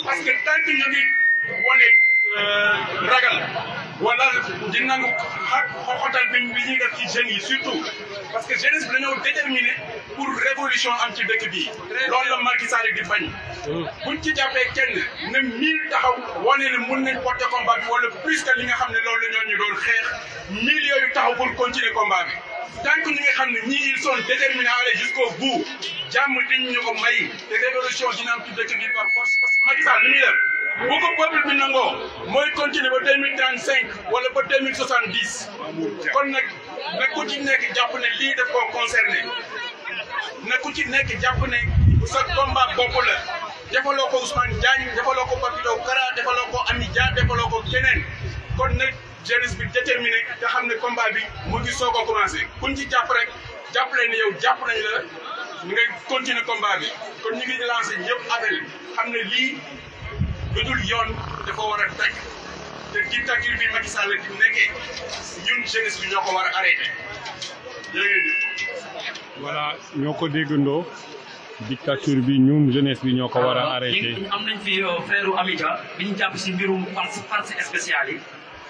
[SPEAKER 1] parce que tant que ñu ngi wane euh, ragal wala di nangu xoxotal bi bi ñuy def ci jeunes yi surtout parce que jeunesse bi dañoo déterminé pour révolution am ci dëkk bi loolu la Macky Sall di bañ buñ ci jàppee kenn na mille taxaw wane ne mun nañ porter combat bi wala plus que li nga xam ne loolu la ñoo ñu doon xeex mille yooyu taxaw pour continuer combat bi tant que ñi nga xam ne ñii ils sont déterminés à aller jusqu'au bout jàmm dañ ñu ko may te révolution dina am ci dëkk bi par force parce que Macky Sall li muy def bu ko peuple bi nangoo mooy continuer ba deux mille trente cinq wala ba deux mille soixante dix kon nag na ku nek nekk ne lii def koo concerné na ku ci nekk jàpp ne sa combat bopp la defaloo ko Ousmane Diagne defaloo ko Papito Kara defaloo ko Ami Dia defaloo ko keneen kon nag jeunesse bi déterminé te xam ne combat bi mu ngi soog a commencé kuñ ci jàpp rek jàpp leen ni yow jàpp nañ la nga continuer combat bi kon ñu ngi lancé ñëpp appel xam ne lii lu dul yoon dafa war a teg te dictature bi Macky Sall di nekkee ñun jeunesse bi ñoo ko war a arrêté
[SPEAKER 3] jërëjëf. ñoo ko déggandoo dictature bi ñun jeunesse bi ñoo ko war a arrêté.
[SPEAKER 1] am nañ fi euh, frère Amica ñu jàpp si mbirum partie partie spéciale yi.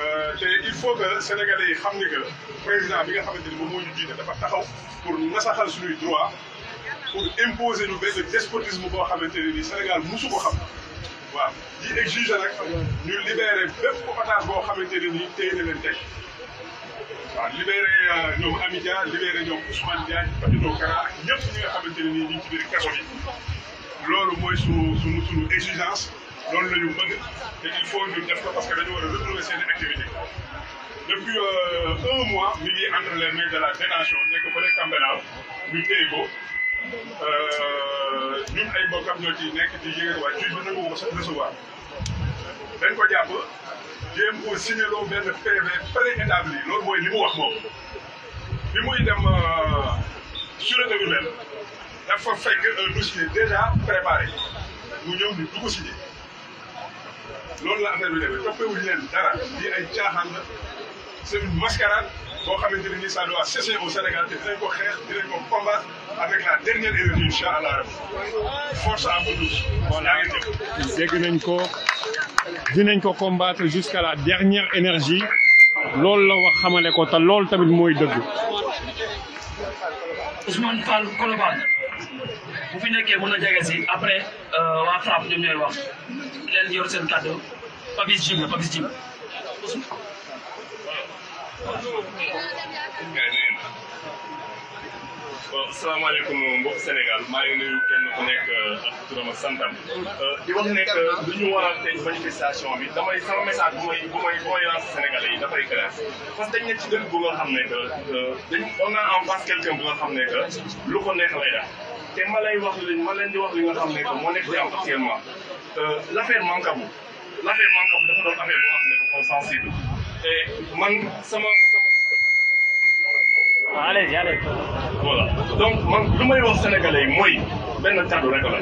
[SPEAKER 3] Euh, te il faut que sénégalais yi xam ni que président bi nga xamante ni moom moo ñu jiite dafa taxaw pour nasaxal suñuy droit pour imposer ñu benn despotisme boo xamante ne nii Sénégal musu ko xam waaw di exiger nag ñu libérer bépp otage boo xamante ne nii téye na leen tey waaw libéré euh, ñoom Amidia libéré ñoom Ousmane Diagne Papito Kara ñëpp ñi nga xamante ne nii ñu ngi ci biir kaso bi loolu mooy suñu suñu suñu exigence. loolu la ñu te il faut ñu def ko parce que dañu war a retrouver seen activité depuis euh, un mois mi ngi entre les mains de la détention nekk fële Cambenaw ñu téye ko euh, ñun ay mbokkam ñoo ci nekk di yëngal waa juge bi nangu ko recevoir dañ ko jàpp jéem ko signaloo benn PV préétabli loolu mooy li mu wax moom bi muy dem euh, sûreté urbaine dafa fekk un dossier déjà préparé mu ñëw ni du ko signé loolu la affaire bi demee toppewuñ leen ay caaxaan la c'est boo xamante ne nii ça doit cesser au Sénégal te dinañ ko ko combattre avec la dernière énergie incha allah force à bout de dégg nañ ko dinañ ko combattre jusqu'à la dernière énergie lool la wax xamale ko
[SPEAKER 1] te loolu tamit mooy dëgg.
[SPEAKER 5] bu fi nekkee mën na jege si après euh, waa FRAP ñoom ñooy wax leen yor seen
[SPEAKER 1] kàddu Papis Jim la Papis Jim. bon salaamaaleykum mbokk Sénégal maa ngi nuyu kenn ku nekk euh, ak turam ak santam euh,
[SPEAKER 4] di wax nekk lu ñu
[SPEAKER 1] waral tey manifestation bi damay sama message bu may bu may bu may lancer yi dafay clair parce que dañ nekk ci dëkk bu nga xam ne dañ on a en nga xam ne lu ko neex te ma lay wax li ma leen di wax li nga xam ne que moo nekk di am actuellement euh, l' affaire Mancabou l' affaire Mancabou dafa
[SPEAKER 3] doon affaire boo xam ne dafa sensible te man
[SPEAKER 1] sama. allez allez. voilà donc man lu may wax sénégalais yi mooy benn kàddu rek la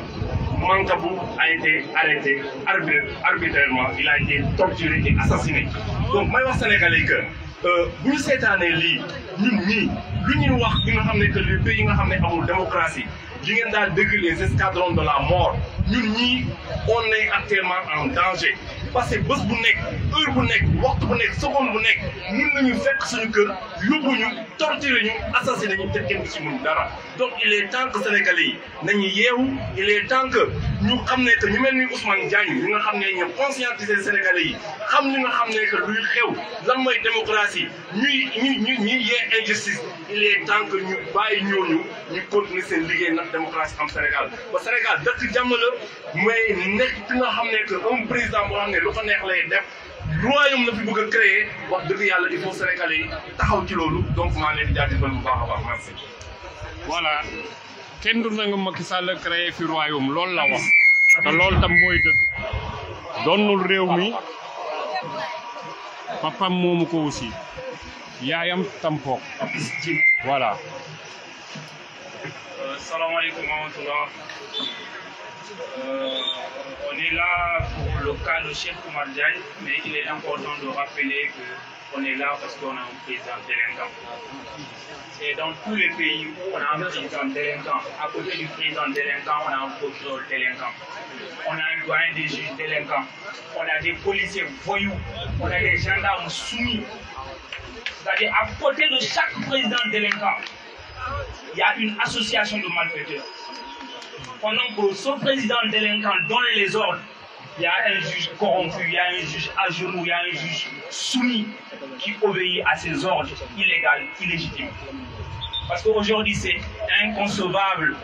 [SPEAKER 1] Mancabou a été arrêté arbi arbitrairement il a été torturé et assassiné donc may wax sénégalais yi que euh, bu ñu seetaanee lii ñun ñii lu ñuy wax li nga xam ne que les pays yi nga xam ne amul démocratie. yi ngeen daan dégg les escadrons de la mort ñun ñii on est actuellement en danger parce que bés bu nekk. heure bu nekk waxtu bu nekk seconde bu nekk mën nañu fekk suñu kër yóbbu ñu torturer ñu assassiné ñu te kenn du ci mën dara donc il est temps que yi nañu yeewu il est temps ñu xam ne que ñu mel ni Ousmane Diagne ñu nga xam ne ñu conscientiser sénégalais yi xam ñu nga xam ne que luy xew lan mooy démocratie ñuy ñu ñu ñuy ñuy yee injustice il est temps que ñu bàyyi ñooñu ñu continuer seen liggéey ndax démocratie am Sénégal ba Sénégal dëkk jàmm la mais nekk fi nga xam ne que président boo xam ne lu ko neex lay def. royaume la fi bëgg a créer wax dëgg yàlla il faut sénégalais taxaw ci loolu donc maa leen di jaajëfal bu baax a voilà kenn du
[SPEAKER 3] nangu Macky Sall créer fi royaume loolu la wax te loolu tam mooy dëgg doonul réew mi
[SPEAKER 6] papam moomu ko aussi
[SPEAKER 3] yaayam tampook voilà. Euh,
[SPEAKER 1] salaamaaleykum wa rahmatulah. Euh, on est là pour le cas de mais il est important de rappeler qu'on est là président délinquant. Et dans tous les pays on a président délinquant, on a un procureur On a un doyen des juges délinquants. On a des policiers voyous. On a des gendarmes soumis. C'est-à-dire à côté de chaque il y a une association de malfaiteurs. on nombre son président délinquant donne les ordres. Il y a un juge corrompu, il y a un juge soumis qui obéit à ses ordres illégaux, illégitimes. Parce qu'aujourd'hui, c'est
[SPEAKER 6] inconcevable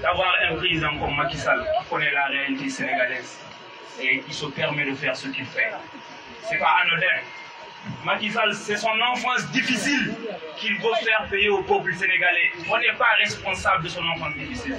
[SPEAKER 1] d'avoir un président comme Macky qui connaît la réalité sénégalaise et qui se permet de faire ce qu'il fait. C'est pas anodin. Macky c'est son enfance difficile qu'il veut faire payer au peuple sénégalais. On n'est pas responsable de son enfance difficile.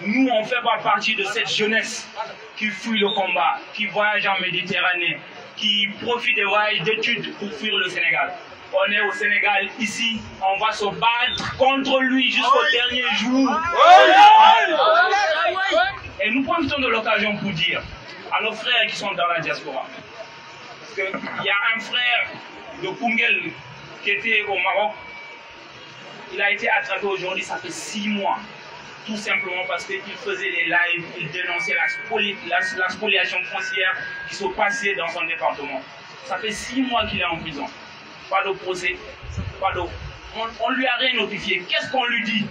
[SPEAKER 1] Nous, on fait partie de cette jeunesse qui fuit le combat, qui voyage en Méditerranée, qui profite des voyages d'études pour fuir le Sénégal. On est au Sénégal ici, on va se battre contre lui jusqu'au dernier jour. Et nous profitons de l'occasion pour dire à nos frères qui sont dans la diaspora, parce qu'il y a un frère de Kungel qui était au Maroc, il a été attrapé aujourd'hui, ça six mois. tout simplement parce qu'ils faisaient des lives, ils dénonçaient la, spoli la, la, spoliation foncière qui se passait dans son département. Ça fait six mois qu'il est en prison. Pas de procès, On, lui a rien Qu'est-ce qu'on lui dit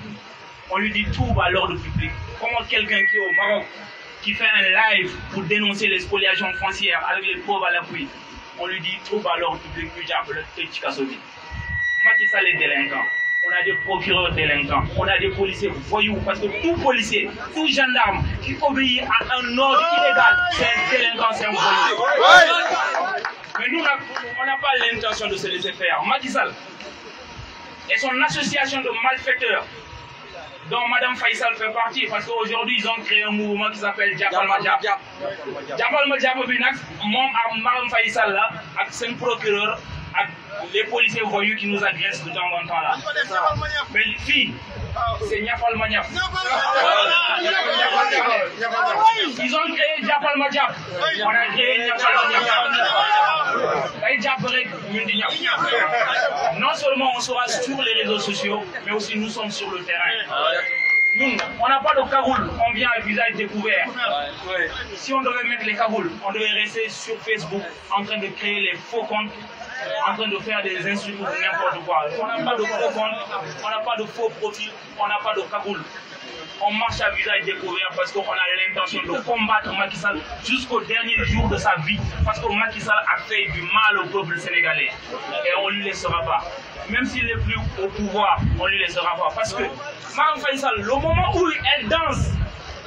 [SPEAKER 1] On lui dit tout à l'ordre public. Comment quelqu'un qui au Maroc, qui fait un live pour dénoncer les spoliations foncières avec les preuves à l'appui, on lui dit trouve à l'ordre du diable, et Macky ça les on a des procureurs délinquants, on a des policiers voyous, parce que tout policier, tout gendarme
[SPEAKER 5] qui obéit à un ordre illégal, c'est un délinquant, c'est un voyou.
[SPEAKER 1] Mais nous, n'a pas l'intention de se laisser faire. et son association de malfaiteurs, dont Madame Faisal fait partie, parce qu'aujourd'hui, ils ont créé un mouvement qui s'appelle Diapal Madiap.
[SPEAKER 6] Diapal
[SPEAKER 1] Madiap, Madame Faisal, là, avec cinq les policiers voyous qui nous agressent de temps en temps mais fii c'est ñafal ma on a créé ñafal ma ñaf. day non seulement on sera sur les réseaux sociaux mais nous sommes sur le terrain. Ah, nous, n'a pas de cagoule, on vient avec visage découvert. Si on devait mettre les cagoules, on devait rester sur Facebook en train de créer les faux comptes en de faire des insultes n'importe quoi. On n'a pas de faux on n'a pas de faux profil, on n'a pas de cagoule. On marche à visage découvert parce qu'on a l'intention de combattre Macky jusqu'au dernier jour de sa vie. Parce que Macky Sall a fait du mal au peuple sénégalais. Et on lui laissera pas. Même s'il n'est plus au pouvoir, on lui laissera pas. Parce que Mme Faisal, le moment où elle danse,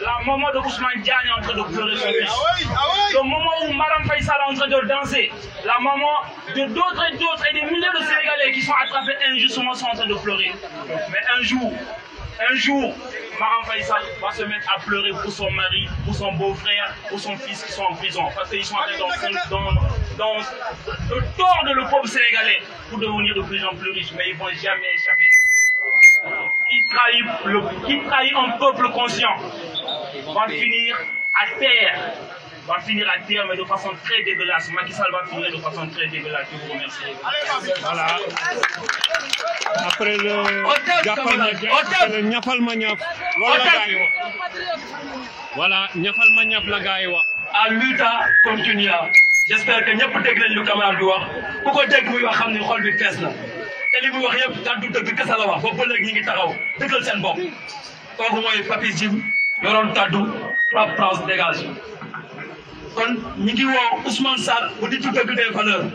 [SPEAKER 1] la maman de Ousmane Diagne est en train de pleurer son ah ah ah Le moment où Madame Faisal en train de danser, la maman de d'autres et d'autres et des milliers de Sénégalais qui sont attrapés injustement sont en train de pleurer. Mais un jour, un jour, va se mettre à pleurer pour son mari, pour son beau-frère, pour son fils qui sont en prison. Parce qu'ils sont allés dans, le tort de le peuple sénégalais pour devenir de plus en plus riches, mais ils vont jamais échapper. va finir à terre. Va finir à terre, mais de façon très dégueulasse. Macky Sall va
[SPEAKER 5] finir de façon très dégueulasse. Je vous remercie. Voilà.
[SPEAKER 1] Après le ñafal ma ñaf. Loolu la gars yi wax. Voilà, ñafal ma ñaf la gars yi wax. À luta continua. J'espère que ñëpp dégg nañ lu camarade bi wax ku ko dégg muy wax xam ni xol bi fees na te li muy wax yëpp kaddu dëgg kese la wax ba ba léegi ñu ngi taxaw dëggal seen bopp kooku mooy Papis Djim yoroon kaddu Pape France kon ñi ngi woo Ousmane Sarr bu nitu dëgg des valeurs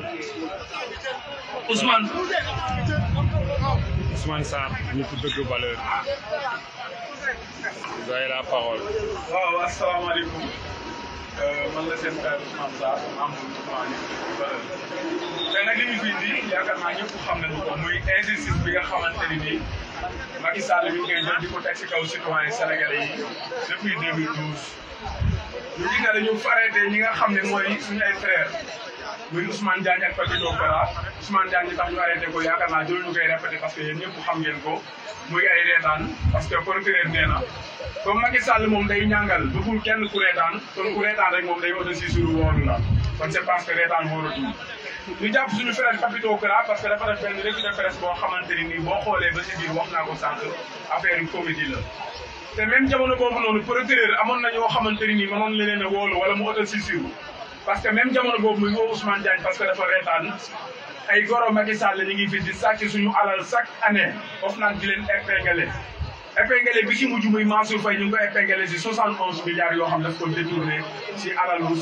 [SPEAKER 1] Ousmane. Ousmane
[SPEAKER 3] Sarr valeur. vous avez la parole. waaw asalaamaaleykum. Euh, man la seen kàddu Ousmane Sarr ñu fi indi yaakaar naa ñëpp xam nañu ko
[SPEAKER 1] Macky Sall mi ngi koy di ko teg si kaw citoyen sénégalais yi
[SPEAKER 3] depuis 2012.
[SPEAKER 6] ñu gis
[SPEAKER 1] ne dañu farete ñi nga xam ne mooy suñu ay frères muy Ousmane Diagne ak Papito Kola Ousmane Diagne tax ñu arrêté ko yaakaar naa jël ñu koy répété parce que yéen ñëpp xam ngeen ko muy ay reetaan parce que procureur nee na comme Macky moom day ñàngal bëggul kenn ku reetaan kon ku reetaan rek moom day auto si suru woolu la kon c'est parce que reetaan wóoratul ñu jàpp suñu frère Papito Kara parce que dafa def benn revue de presse boo xamante boo xoolee ba si biir wax naa ko sànq affaire yu comédie la. te même noonu procureur amoon na ñoo xamante ni mënoon na leen a wóolu wala mu autosaisir parce que même jamono boobu muy woo Ousmane Diagne parce que dafa reetaan ay goro Macky la ñu ngi fi di suñu alal chaque année of naan di leen épinglé épinglé bi ci mujj muy Mansour ñu ngi ko épinglé si 71 milliards yoo xam daf ko détourné si alalu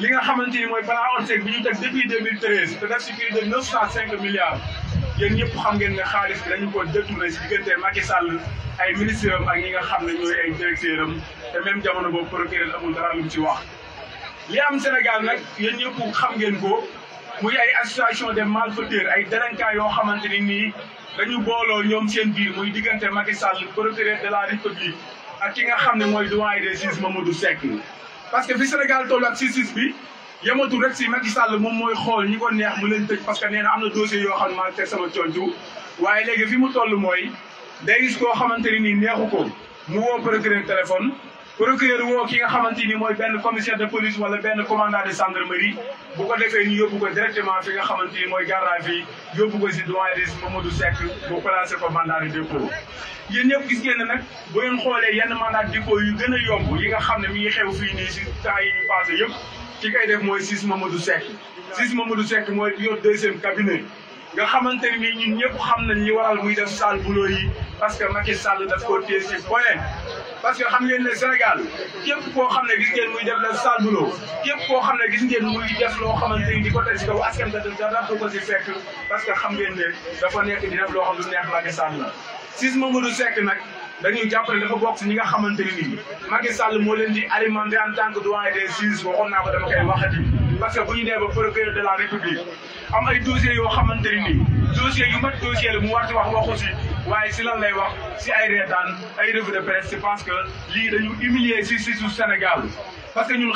[SPEAKER 1] li nga xamante ni mooy plan ORSEC bi ñu teg depuis 2013 te def si plus de 905 milliards yéen ñëpp xam ngeen ne xaalis bi dañu ko détourné si diggante Macky Sall ay ministres am ak ñi nga xam ne ñooy ay directeurs am te même jamono boobu procureur amul dara lu mu ci wax. li am Sénégal nag yan ñëpp xam ngeen ko muy ay association des malfaiteurs ay délinquants yoo xamante ni nii dañu booloo ñoom seen biir muy diggante Macky Sall procureur de la République ak ki nga xam ne mooy doyen des juges Mamadou Seck. parce que fi Sénégal toll ak justice bi yematu rek si Macky Sall moom mooy xool ñu ko neex mu leen tëj parce que nee am na dossier yoo xam ne maa ngi teg sama concu waaye léegi fi mu toll mooy day gis koo xamante nii neexu ko mu woo procureur téléphone procureur woo ki nga xamante ni mooy benn commissaire de police wala benn commandant de gendarmerie bu ko defee ñu yóbbu ko directement fi nga xamante ni mooy garde à vue yóbbu ko si doyen des Mamadou Seck bu placé ko mandat de dépôt. yéen ñëpp gis ne nag bu ngeen xoolee yenn mandat de dépôt yu gën a yomb yi nga xam ne mi ngi xew fii nii si temps yi ñu passé yëpp ki koy def mooy Ciss Mamadou Seck Ciss Mamadou Seck mooy yor deuxième cabinet. nga xamante ni ñun xam nañ li waral muy def sale boulot yi parce que Macky Sall daf koo téye si point parce que xam ngeen ne Sénégal képp koo xam ne gis ngeen muy koo xam ne gis ngeen muy def loo xamante ni di ko teg si kaw askan da dara du ko parce que xam ngeen ne dafa nekk di def loo xam du neex Macky Sall la sis Mamadou Seck nag dañuy jàpp ne dafa bokk si ñi nga xamante ni nii Macky moo leen di alimenté en tant que doyen parce que bu ñu nee ba procureur de la république am ay yoo xamante ni nii dossiers yu mat la mu war ci wax waxu si waaye si lan lay wax si ay reetaan ay revue de presse c'est parce que lii dañu humilier si si su Sénégal parce que ñun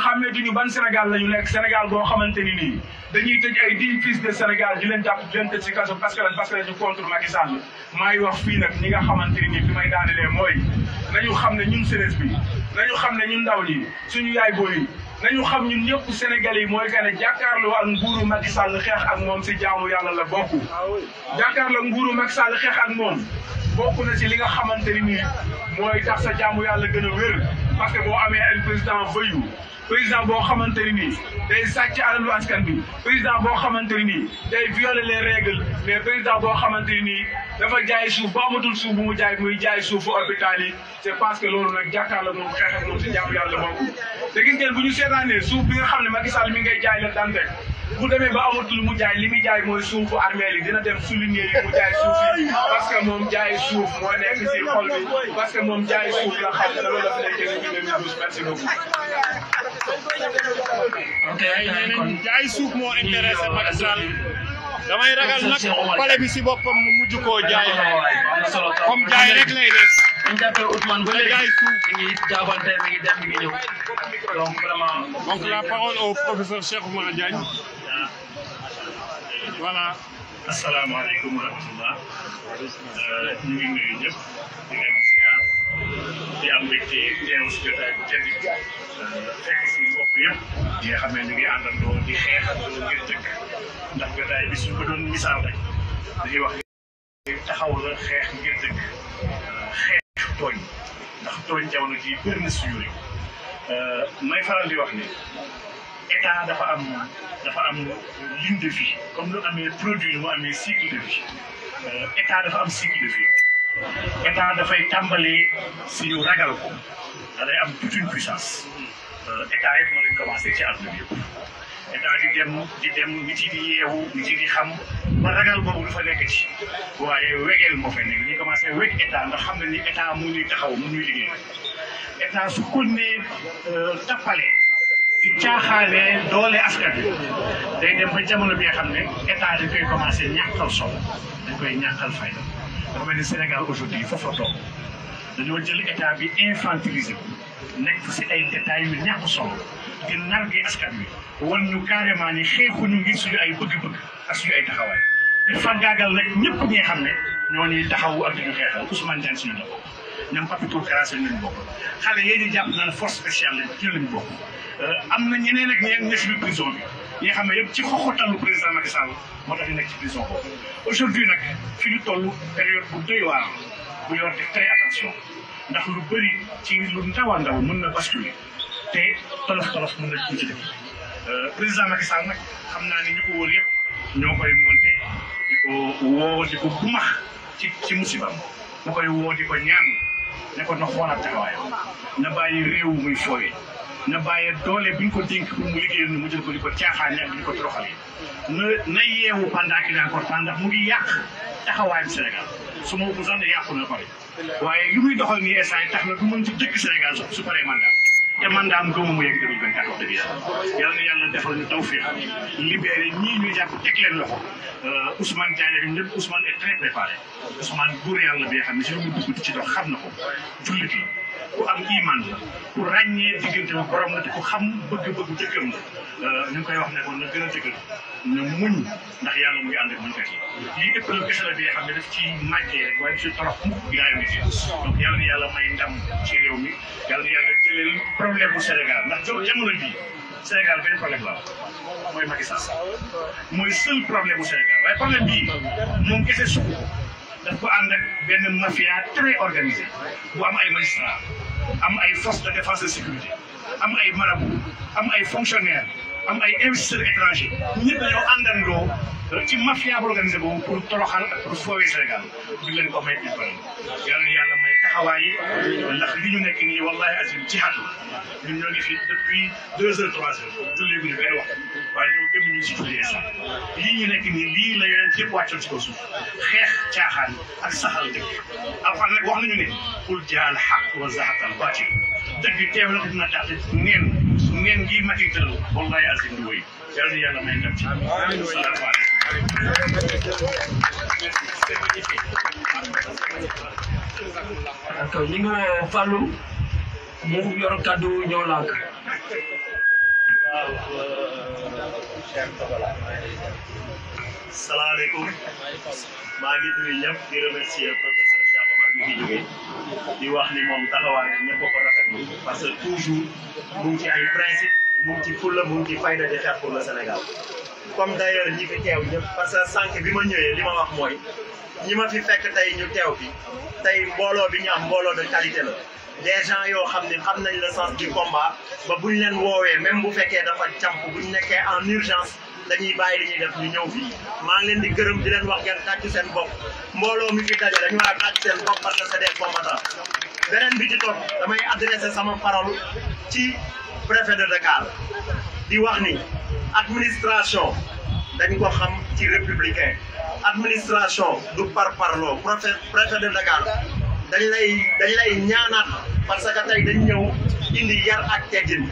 [SPEAKER 1] ñu ban senegal la ñu nekk Sénégal goo xamante ni nii dañuy tëj ay dix fils de Sénégal di leen jàpp di leen tëj si kaso parce que parce que dañu contre ngi wax fii nag ñi nga xamante ni nii fi may daanelee mooy nañu xam ne ñun jeunesse bi nañu xam ne ñun ndaw ñi suñu yaay booy nañu xam ñu ñëpp Sénégalais yi mooy que ne jàkkaarloo ak nguuru Macky Sall xeex ak moom si jaamu yàlla la bokk. jàkkaarloo ak nguuru Macky Sall xeex ak moom bokk na si li nga xamante ni mooy tax sa jaamu yàlla gën a wér parce que boo amee ay président voyou. président boo xamante ni nii day sàcc alalu askan bi président boo xamante ni nii day violer les règles mais président boo xamante ni nii dafa jaay suuf ba amatul suuf bu mu jaay muy jaay suufu hôpital yi c'est parce que loolu nag jàkkaarloo moom xeex ak moom si jàpp yàlla boobu te gis suuf bi nga xam ne Macky Sall mi ngay jaay la daan rek bu demee ba amatul mu jaay li muy jaay mooy suufu armée yi dina dem souligner yi mu jaay suuf yi parce que jaay suuf moo jaay suuf la xam
[SPEAKER 3] ne ok jaay suuf moo
[SPEAKER 1] intéressé Macky Sall damay ragal nag pale bi si boppam mu mujj koo jaay comme jaay rek lay def. dañu jàppee Ousmane ba léegi jaay suuf mi ngi jaabante
[SPEAKER 6] mi ngi dem mi ngi ñëw donc vraiment. donc la parole
[SPEAKER 3] au professeur Cheikh Oumar Diagne voilà. asalaamaaleykum wa rahmatulah euh, ñu ngi nuyu ñëpp di leen. di am te te si
[SPEAKER 1] jotaay bu tedd bi euh, fekk suñu bopp yëpp ngi àndandoo di xeexandoo ngir dëkk ndax jotaay bi suñ ko doon misaal rek dañuy wax ni taxaw la xeex ngir dëkk euh, xeex tooñ ndax tooñ jamono ji euh, may faral di wax ni état dafa am dafa am ligne de comme lu amee produit mu amee cycle de dafa am cycle de état dafay tàmbali si ragal ko da lay am toute une puissance euh, état yëpp moo leen commencé ci àdduna bi di dem di dem yi di yeewu xam ba ragal boobu du fa nekk ci waaye wegeel moo fa nekk ñu commencé we état ndax xam ne ni état mu ñuy taxaw mu ñuy liggéey état su ko nee euh, tappalee di doole askan bi dem ba jamono bi nga xam ne état dañ koy commencé ñàkkal solo dañ koy ñàkkal dafa mel ni Sénégal aujourd'hui foofu la toog dañoo jël état bi infantiliser ko nekk si ay détails yu ñàkk solo di nargee askan bi wan ñu carrément ni ñu ngir suñu ay bëgg-bëgg ak suñu ay taxawaay di fàggaagal nag ñëpp ñi xam ne ñoo ñuy taxawu ak ñu xeexal Ousmane Diagne suñu la bokk ñoom Papito Kara suñu lañ bokk xale yéen ñi jàpp naan force spéciale lañ ci lañ bokk Euh, am na ñeneen ak ñeneen ñëpp ci prison bi ñi xam ne yëpp ci xoxotalu président Macky Sall moo tax ñu nekk ci prison boobu. aujourd'hui nag fi ñu toll période bu doy bu ñu war def très ndax lu bëri ci lu ndaw ndaw mën na basculer te tolof tolof mën na dugg ci dëkk euh, président Macky Sall nag xam naa ne ñu ko wóor yëpp ñoo koy ko woo di ko gumax ci ci musibam mu koy woo di ko ñaan ne ko na xoolaat taxawaayam na bàyyi réew muy fooyee. na bàyyee doole bi ñu ko dénk pour mu liggéeyal ni mu jël ko di ko caaxaane ak di ko toroxalee na na yeewu pendant qu'il est mu ngi yàq taxawaayu Sénégal su ma ko sax yàqu na pare waaye yu muy doxal nii instant yi na du mën ci dëkk su paree mandat te mandat am gëmuma mu yegg bi wax dëgg yàlla yal na yàlla defal ñu tawféex libéré ñii ñu jàpp teg leen loxo euh, Ousmane ñëpp Ousmane est très yàlla bi nga xam ne si lu ci dox xam na ko jullit ku am iman la ku ràññee diggante bi borom la ku xam bëgg-bëgg dëkkam la euh, koy wax ne kon na a dëggal na muñ ndax yàlla mu ngi ànd ak muñ kat yi lii épreuve kese la bi nga xam ne daf ci màggee rek waaye su torox mukk bi gaayo ngi donc yàlla may ndam ci réew mi yàlla na yàlla jëleel problème bu Sénégal ndax jamono bii Sénégal benn problème la mooy Macky Sall mooy seul problème bu Sénégal waaye problème bii moom dafa ànd ak benn mafia très organisée bu am ay magistrats am ay forces de défense et am ay marabout am ay fonctionnaires am ay investisseurs étrangers ñëpp dañoo àndandoo ci mafia bu organisée boobu pour toroxal ak pour foowee Sénégal di leen ko may di ko yàlla na yàlla may taxawaay ndax li ñu nekk nii wallahi azim ci xatu ñun ñoo ngi fi depuis deux heures trois heures te léegi ñu waaye ñoom dem ñu situé lii ñu nekk nii lii la yonent yëpp wàccoon si kaw suuf xeex caaxaan ak saxal dëgg alxuraan nag wax nañu ne qul jaa xaq wa al baatil dëgg teew la ko dina daal neen gi mati wallahi azim di woy yàlla na yàlla may ndam ci salaamaaleykum ñu euh, mu yor kàddu ñoo lànk salaamaaleykum maa gi nuyu ñëpp di remercier professeur Cheikh Omar mi ngi jógee di wax ni moom taxawaay ñëpp ko rafetlu parce que toujours mu ngi ci ay principe mu ngi ci fulla mu ngi ci fayda di xeex pour le Sénégal comme d'ailleurs ñi teew ñëpp parce sànq bi ma ñëwee li ma wax mooy ñi ma fi fekk tey ñu teew fi tey mbooloo bi ñu am mbooloo de qualité des gens yoo xam ne am nañ le sens du combat ba buñ leen woowee même bu fekkee dafa jàmp buñ nekkee en urgence dañuy bàyyi li ñuy def ñu ñëw fii maa ngi leen di gërëm di leen wax ngeen tàcc seen bopp mbooloo mi fi daje dañu war a tàcc seen bopp parce que c'est beneen bi ci topp damay adressé sama parole ci préfet de Dakar di wax ni administration dañ ko xam ci républicain administration du par parloo de Dakar dañ lay dañ lay ñaanaat parce que tey dañ ñëw indi yar ak teggin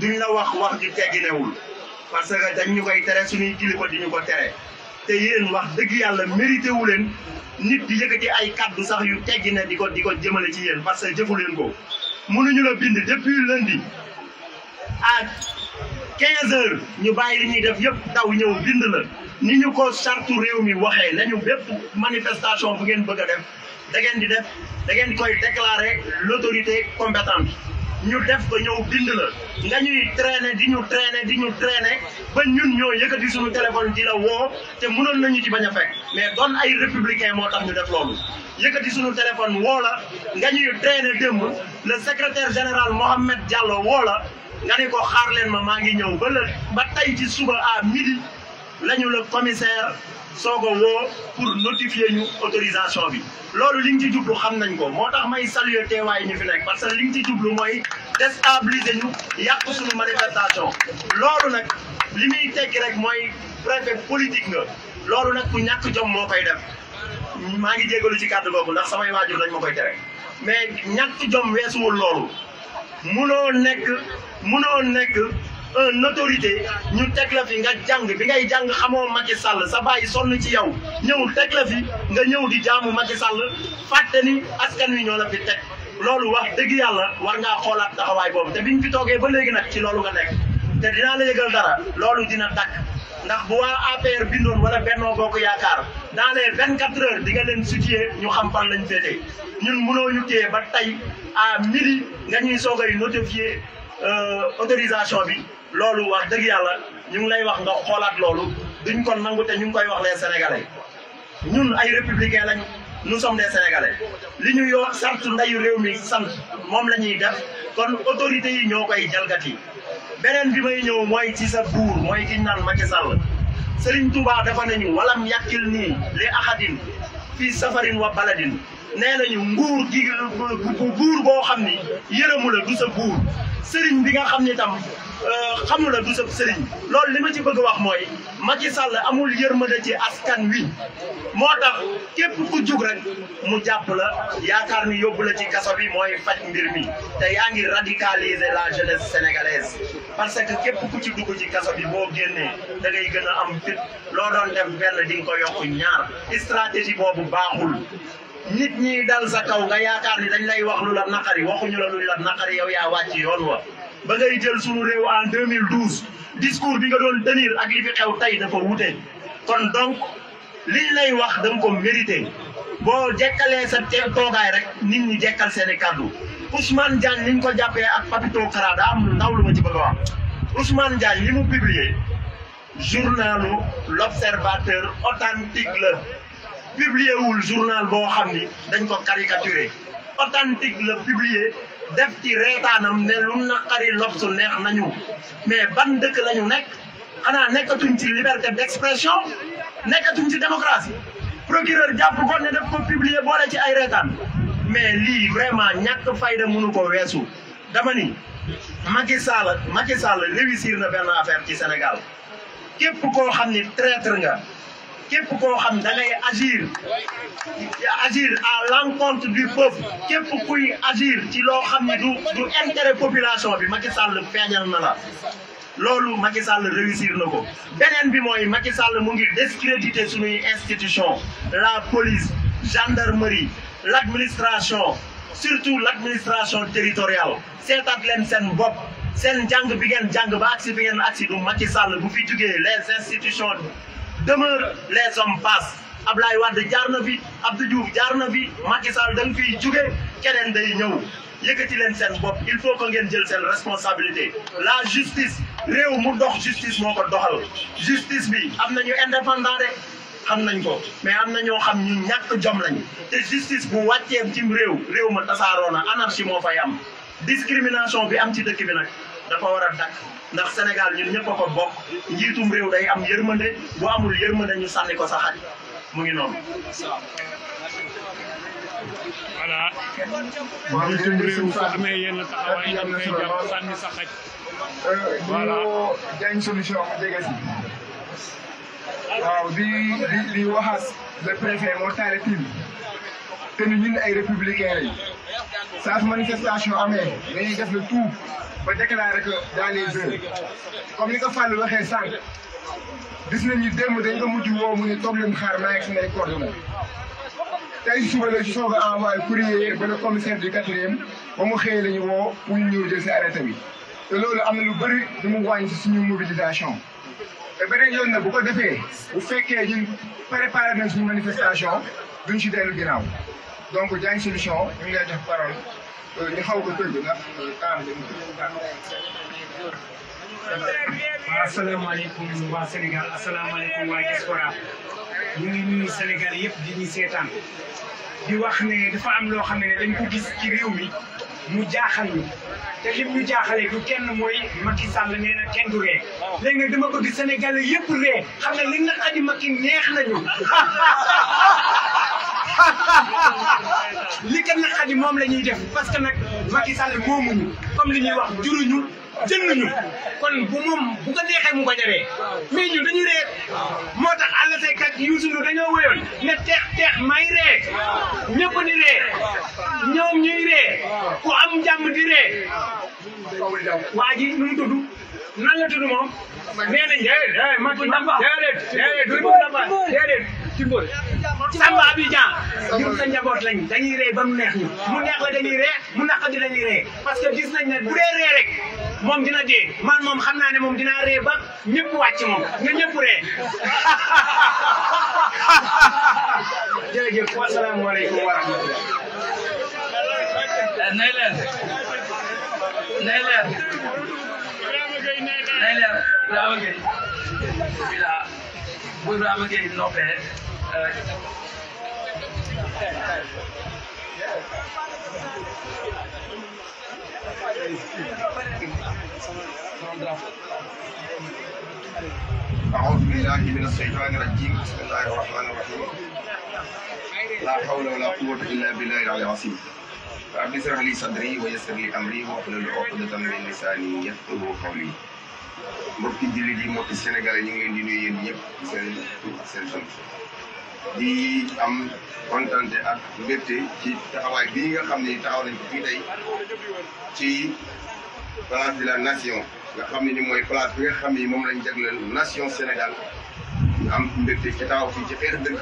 [SPEAKER 1] duñ la wax wax ju tegginewul parce que dañ ñu koy tere suñuy kilifa di ñu ko tere te yéen wax dëgg yàlla mérité wu leen nit di yëkkati ay kàddu sax yu teggi ne di ko di ko jëmale ci yéen parce que jëfu leen ko ñu la bind depuis lundi à 15 heures ñu bàyyi li ñuy def yëpp daw ñëw bind la ni ñu ko sartu réew mi waxee nañu bépp manifestation bu ngeen bëgg a def da ngeen di def da ngeen koy déclarer l'autorité compétente ñu def ko ñëw bind la nga ñuy traîner di ñu traîner di ñu traîner ba ñun ñoo yëkkati suñu téléphone di la woo te mënoon nañu ci bañ a fekk mais doon ay républicain moo tax ñu def loolu yëkkati suñu téléphone woo la nga ñuy traîner démb le secretaire général Mohamed Diallo woo la nga ne ko xaar leen ma maa ngi ñëw ba la ba tey ci suba à midi lañu la commissaire soog a woo pour notifier ñu autorisation bi loolu li nga ci jublu xam nañ ko moo tax may saluer teewaay ñu fi nekk parce que li nga ci jublu mooy déstabiliser ñu yàq suñu manifestation loolu nag li muy tekki rek mooy préfet politique nga loolu nag ku ñàkk jom moo koy def maa ngi jégalu ci kàddu googu ndax samay waajur lañ ma koy tere mais ñàkk jom weesuwul loolu munoo nekk munoo nekk un autorité ñu teg la nga jàng bi ngay jàng xamoo Macky Sall sa bàyyi sonn ci yow ñëw teg la nga ñëw di jaamu Macky Sall fàtte ni askan wi ñoo la fi teg loolu wax dëgg yàlla war ngaa xoolaat taxawaay boobu te biñ fi toogee ba léegi nag ci loolu nga nekk te dinaa la yëgal dara loolu dina dakk ndax bu waa APR bindoon wala bennoo Bokk Yaakaar dans les vingt quatre heures di nga leen situer ñu xam fan fee féetee ñun mënoo ñu téye ba tey à midi nga ñuy soogay notifier euh, autorisation bi loolu wax dëgg yàlla ñu ngi lay wax nga xoolaat loolu duñ ko nangu te ñu ngi koy wax les sénégalais ñun ay républicains lañ nous sommes des sénégalais li ñu yoo sartu ndeyu réew mi sant moom la ñuy def kon autorités yi ñoo koy jalgati. beneen bi may ñëw mooy ci sa buur mooy ki ñu naan Macky Sall Serigne Touba dafa nañu walam yàkkil nii li ahadin fii safarin wa baladin nee nañu nguur gi buur boo xam ni yërëmu la du sa buur Serigne bi nga xam ni tam. Euh, xamu la du sab sëriñ loolu li ma ci bëgg wax mooy ma ci Sall amul yërmande ci askan wi moo tax képp ku jug rek mu jàpp la yaakaar ni yóbbu la ci kaso bi mooy faj mbir mi te yaa ngi radicaliser la jeunesse sénégalaise parce que képp ku ci dugg ci kaso bi boo génnee da ngay gën a am fit loo doon def benn di nga ko yokk ñaar stratégie boobu baaxul nit ñi dal sa kaw nga yaakaar ni dañ lay wax lu la naqari waxuñu la lu la naqari yow yaa wàcc yoon wa ba ngay jël sunu réew en 2012 discours bi nga doon tenir ak li fi xew tey dafa wute kon donc lii lay wax da ko mérité boo jekkalee sa toogaay rek nit ñi jekkal seen i kàddu Ousmane Diagne liñ ko jàppee ak Papito Kara am lu ndaw lu ma ci bëgg a wax Ousmane Diagne li mu publier journalu l'observateur authentique la publier wul journal boo xam ni dañ ko caricaturé authentique la publier def ci reetaanam ne lu naqari lobsu neex nañu mais ban dëkk lañu nekk xanaa nekkatuñ ci liberté d'expression nekkatuñ ci démocratie procureur jàpp ko ne daf ko publier boole ci ay reetaan mais lii vraiment ñàkk fayda mënu ko weesu dama ni Macky Sall Macky Sall na benn affaire ci Sénégal képp koo xam ni traître nga képp koo xam da ngay agir agir à l'encontre bi peuple képp kuy agir ci loo xam ne du du intérêt population bi Macky Sall feeñal na la loolu Macky Sall réussir na ko beneen bi mooy Macky Sall mu ngi discréditer suñuy institution la police gendarmerie l'administration surtout l'administration territoriale seetaat leen seen bopp seen jàng bi ngeen jàng ba agsi bi ngeen agsi du Macky Sall bu fi jugee les institutions demeure les hommes passent Ablaye Wade jaar na fi Abdou Diouf jaar na fi Macky Sall da nga fiy jóge keneen day ñëw yëkkati leen seen bopp il faut que ngeen jël seen responsabilité la justice réew mu dox justice moo ko doxal justice bi am nañu indépendant rek xam nañ ko mais am na ñoo xam ñu ñàkk jom lañ te justice bu wàccee cim réew réew ma tasaaroo na anarchie moo fay am discrimination bi am ci dëkk bi nag dafa war a dakk ndax Sénégal yi ñëpp a bokk njiitum réew day am yërmande bu amul yërmande ñu sànni ko sa xaj mu ngi noonu. voilà. waaw njiitum réew su amee yenn taxawaay euh, solution jege si. waaw di di di waxaat le préfet moo taale tiim
[SPEAKER 4] te ñun ay républicains lañ saa su manifestation amee dañuy def le ba déclaré que daanee jeune comme ni ko Fallou waxee sànq gis nañu démb dañ ko mujj woo mu ne toog leen xaar naa yegg nay coordonné tey suba la soog a envoyé courrier ba le commissaire du quatrième ba mu xëyee la ñu woo pour ñu jël si arrêté bi loolu am na lu bëri du mu wàññi si suñu mobilisation. te beneen yoon nag bu ko defee bu fekkee ñun préparé nañ suñu manifestation duñ si dellu ginnaaw donc Diagne Solution ñu ngi lay jox ñu xaw ko tënk ndax temps bi mu ngi tànn. waaw asalaamaaleykum waa Sénégal
[SPEAKER 1] asalaamaaleykum waa ngi nuyu Sénégal yëpp di seetaan di wax ne dafa am loo xam ne dañ ko gis ci réew mi mu jaaxal ñu te lim ñu jaaxalee du kenn mooy Macky Sall nee na kenn du ree léegi nag dama bëgg Sénégal yëpp ree xam ne li naqari Macky neex nañu. li ko naqari moom la ñuy def parce que nag Macky Sall moomuñu comme li ñuy wax juruñu jënduñu kon bu moom bu ko neexee mu ko jaree ñu ñun dañu ree moo tax àll say kat Youssou Ndour dañoo wéyoon ne teex teex may ko ñëpp di ree
[SPEAKER 6] ñoom ñuy ree ku am jàmm di ree
[SPEAKER 1] waa nu mu tudd nan la tudd moom nee nañ déedéet man du Tamba déedéet déedéet du Tamba njaboot lañ dañuy ree ba mu neex mu neex la ree mu naq di dañuy ree parce que gis nañ ne bu dee ree rek moom dina dee man moom xam naa ne moom dinaa ree ba ñëpp wàcc moom nga ñëpp ree jërëjëf wasalaamualeykum wa day leer
[SPEAKER 5] Ibrahima Gueye bila bu Ibrahima Gueye noppee
[SPEAKER 1] أعوذ بالله من الشيطان الرجيم بسم الله الرحمن الرحيم لا حول ولا قوة إلا بالله العلي العظيم رب اشرح لي صدري ويسر لي أمري واحلل عقدة من لساني يفقهوا قولي mbokki jullit yi mbokki sénégalais ñu ngi leen di nuyu yéen seen tur ak di am kontante ak mbégte ci taxawaay bi nga xam ni taxaw nañ ko fii tey ci place bi la nation nga xam ne ni mooy place bi nga xam ne moom lañ jagleel nation Sénégal ñu am mbégte ci taxaw fii ci xeex dëgg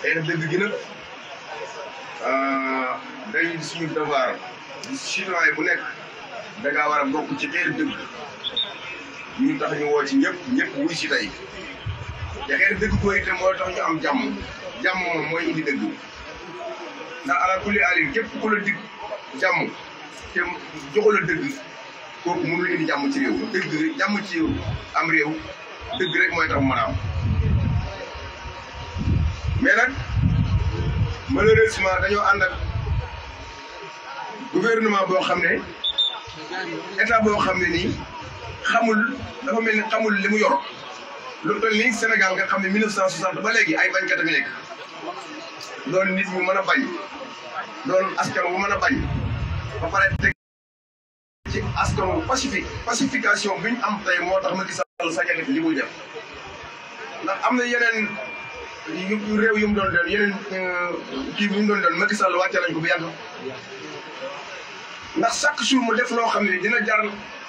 [SPEAKER 1] xeex dëgg gi nag euh, day suñu devoir citoyen bu nekk da ngaa war ci xeex dëgg ñu tax ñu woo ci ñëpp ñëpp wuy si tey jaxeer dëgg ko itam mooy tax ñu am jàmm jàmm moom mooy indi dëgg ndax ala alin képp ku la dig jàmm te joxu la dëgg kooku mënul indi jàmm ci réew dëgg jàmm ci am réew dëgg rek mooy tax mu mën a am nag malheureusement dañoo ànd ak gouvernement boo xam ne état boo xam ne nii xamul dafa mel ni xamul li mu yor lu toll nii Sénégal nga xam ne 1960 ba léegi ay bañkat a fi nekk doon nit ñu mën a bañ doon askan wu mën a bañ ba pare teg ci askan wu pacifique pacification bi am tey moo tax Macky Sall sañ a def li muy ndax am na yeneen yu réew yu mu doon doon yeneen euh, kii bu mu doon doon Macky Sall wàcce nañ ko bi yàgg ndax chaque jour mu def loo xam ne dina jar.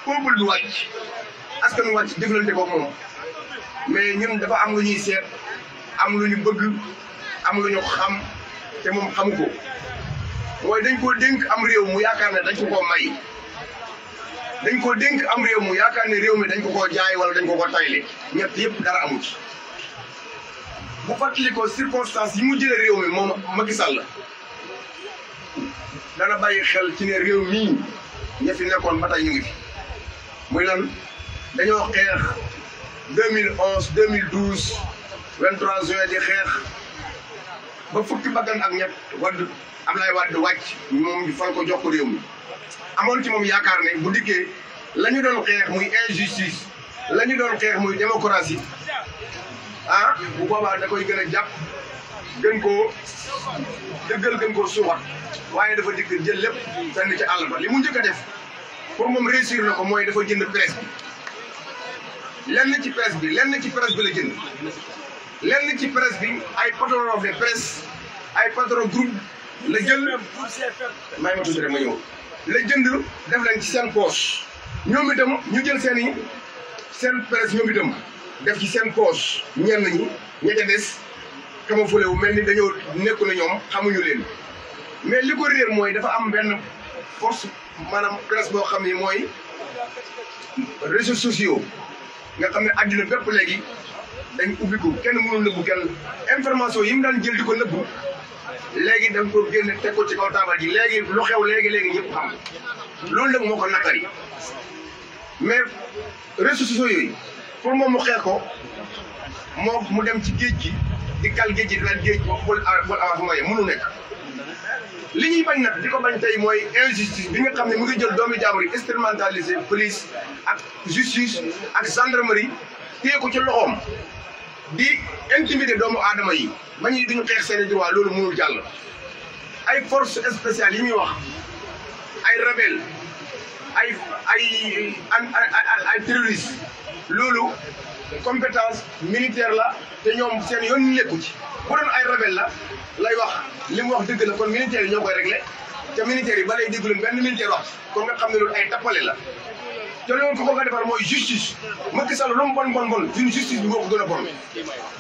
[SPEAKER 1] peuple du wàcc askan wàcc jëflante ko moom mais ñun dafa am lu ñuy seet am lu ñu bëgg am ñu xam te moom xamu ko mooy dañ koo dénk am réew mu yaakaar ne dañ ko koo dañ koo dénk am réew mu yaakaar ne réew mi dañ ko koo jaay wala dañ ko koo tayle ñett yëpp dara amu ci bu fàttali ko circonstance yi mu jëlee réew mi moom Macky Sall la bàyyi xel ci ne réew mii ña fi nekkoon ba tey muy lan dañoo xeex 2011 2012 23 juin di xeex ba fukki bakkan ak ñett wadd Ablaye Wade wàcc moom fal ko jox ko réew mi amoon ci moom yaakaar ne bu dikkee la ñu doon xeex muy injustice la ñu doon xeex muy démocratie ah bu boobaa da koy gën a jàpp gën ko dëggal gën koo suuxat waaye dafa dikk jël lépp sànni ci àll ba li mu njëkk a def pour moom réussir na ko mooy dafa jënd presse bi lenn ci presse bi lenn ci presse bi la jënd lenn ci presse bi ay patron de presse ay patron groupe la jël may ma tuuti rek ma ñëw la jënd def leen ci seen poche ñoom itam ñu jël seen i seen presse ñoom itam def ci seen poche ñenn ñi ña des camouflé wu mel ni dañoo nekku na ñoom xamuñu leen mais li ko réer mooy dafa am benn force maanaam classe boo xam yi mooy réseaux sociaux nga xam ne àddina bépp léegi dañ ubbi kenn mënul nëbbu kenn information yi mu daan jël di ko léegi da nga ko génn ko ci kaw ji léegi lu xew léegi léegi ñëpp xam loolu nag moo ko naqari mais réseaux sociaux yooyu pour moom mu xeex ko moo mu dem ci géej gi di kal géej gi di géej boo xool avancement yi mënu nekk. li ñuy bañ na li ko bañ tey mooy injustice bi nga xam ne mu ngi jël doomi jaamur yi instrumentalisé police ak justice ak gendarmerie téye ko ci loxoom di intimider doomu aadama yi ba ñuy duñu xeex seen i droit loolu mënul jàll. ay force spéciale yi muy wax ay rebelle ay ay ay terroriste loolu compétence militaire la te ñoom seen yoon lekku ci. bu doon ay rebelle la lay wax li mu wax dëgg la kon militaire yi ñoo koy réglé te militaire yi ba lay déglu benn wax kon nga xam ne loolu ay tappale la. te loolu ko ko defar mooy justice Macky Sall lu mu bon moo ko gën a bon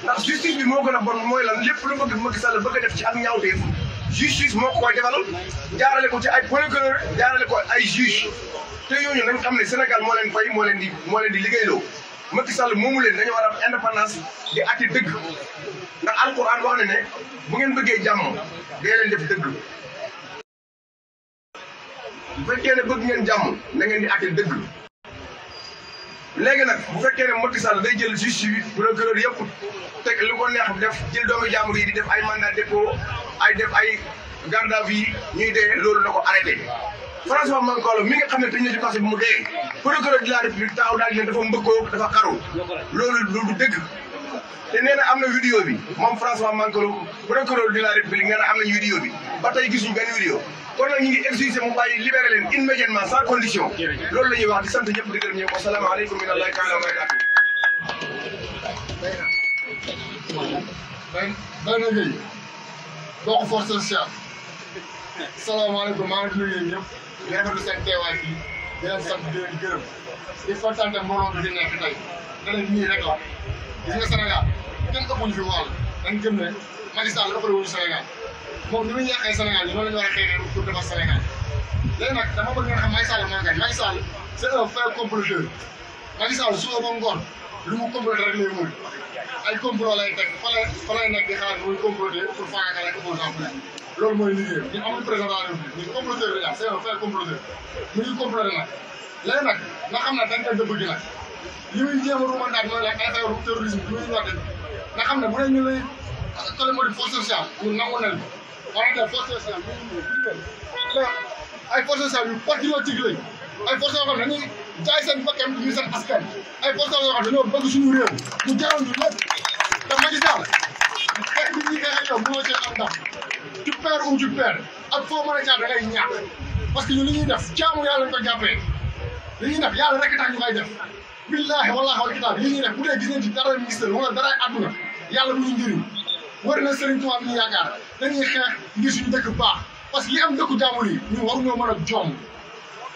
[SPEAKER 1] ndax justice bi moo gën a bon mooy lan lépp lu bëgg Macky Sall bëgg a def ci ak ñaawteef justice moo ko koy defal jaarale ko ci ay procureur jaarale ko ay juge te nañ xam ne Sénégal moo leen fay moo leen di moo leen di liggéeyloo Macky Sall moomu leen dañu war a am indépendance di atti dëgg ndax alquran wax na ne bu ngeen bëggee jàmm de leen def dëgg bu fekkee ne bëgg ngeen jàmm na ngeen di àtte dëgg léegi nag bu fekkee ne Macky Sall day jël justice bi procureur yëpp teg lu ko neex def jël doomu jàmbur yi di def ay man mandat dépôt ay def ay garde à ñuy dee loolu na ko arrêté François Mancolo mi nga xam ne di passé bu mu dee procureur de la république taaw dafa mbëkkoo dafa xaru loolu loolu dëgg te nee am na vidéo bi moom François Mancabou procureur de la république nee na am nañu vidéo bi ba tey gisuñu benn vidéo kon nag ñu ngi exigé mu bàyyi libéré leen immédiatement sans condition loolu la ñuy wax di sant ñëpp di gërëm a wasalaamaaleykum min allahi taala wa barakaatu
[SPEAKER 4] bay na Gueye bokk force sociale salaamaaleykum maa ngi nuyu bi nekk tey da leen nii rek la gis nga Sénégal kenn ëppuñu fi wàll dañ gëm ne Macky Sall ëppale wuñu Sénégal moom ni muy yàqee Sénégal yi noonu la ñu war a xeexee pour defar Sénégal léegi nag dama bëgg ngeen xam Macky Sall moo ngi Macky Sall c'est un vrai comploteur Macky Sall suba ba ngoon lu mu comploté rek lay mën ay complot lay teg fa lay fa lay nekk di xaar muy comploté pour faagaagal ak opposant loolu mooy liggéeyam ñun amul président de la République ñun comploteur la c'est un vrai comploteur mu ngi comploté nag léegi nag nga xam ne dañ koy dëbb gi nag li muy jéem a ruumandaat mooy ay affaire terrorisme bi muy woote nga xam ne bu dee ñu lay tole moo di force sociale ñun nangu na leen wala nga force sociale bu ñu ñëw ay force sociale yu patriotique lañ ay force yoo xam ne dañuy jaay seen bakkan ñu seen askan ay force yoo xam ne dañoo bëgg suñu réew mu jaral ñu lépp te Macky Sall xeex bi ñuy xeex ak yow mënoo cee am ndax ci peer ou ci peer ak foo mën a jaar da ngay ñaax parce que ñun li ñuy def jaamu yàlla lañ ko jàppee li ñuy def yàlla rek tax ñu koy def. billaahi wallaahi wal kitaab li ñuy def bu dee gis nañ ci dara ministère wala dara àdduna yàlla bu ñu njëriñ war na Serigne Touba bi ñu xeex ngir suñu dëkk baax parce que li am dëkku jàmbur yi ñun waruñoo mën a joom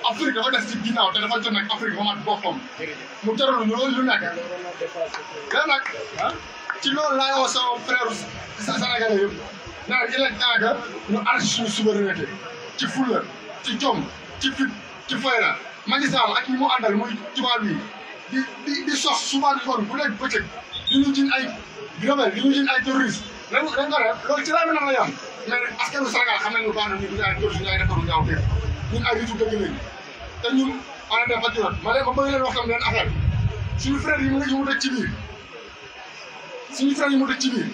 [SPEAKER 4] Afrique dafa des ci ginnaaw te dafa jot nag Afrique ba mat boppam mu jaral ñu loolu lu nekk da nag ci loolu laay wax sama frère sénégalais yëpp naan il est temps que ñu arrêté suñu souveraineté ci fulla ci jom ci fit ci fayda Macky ak ñi mu àndal di di di sos suba ngoon bu nekk bëccëg di ñu jiñ ay rebelle di ñu jiñ ay terroriste lan lan nga def loolu ci laa mel la yàq mais nag askanu Sénégal xam nañu baax na ñu duñu ay terroriste ñu ay defaru ñaaw dégg ñun ay ritu dëgg lañu te ñun ana dem patriote ma ne ko bëgg leen wax tam leen affaire suñu frère yi mu ngi mu dëj ci biir suñu frère yi mu dëj ci biir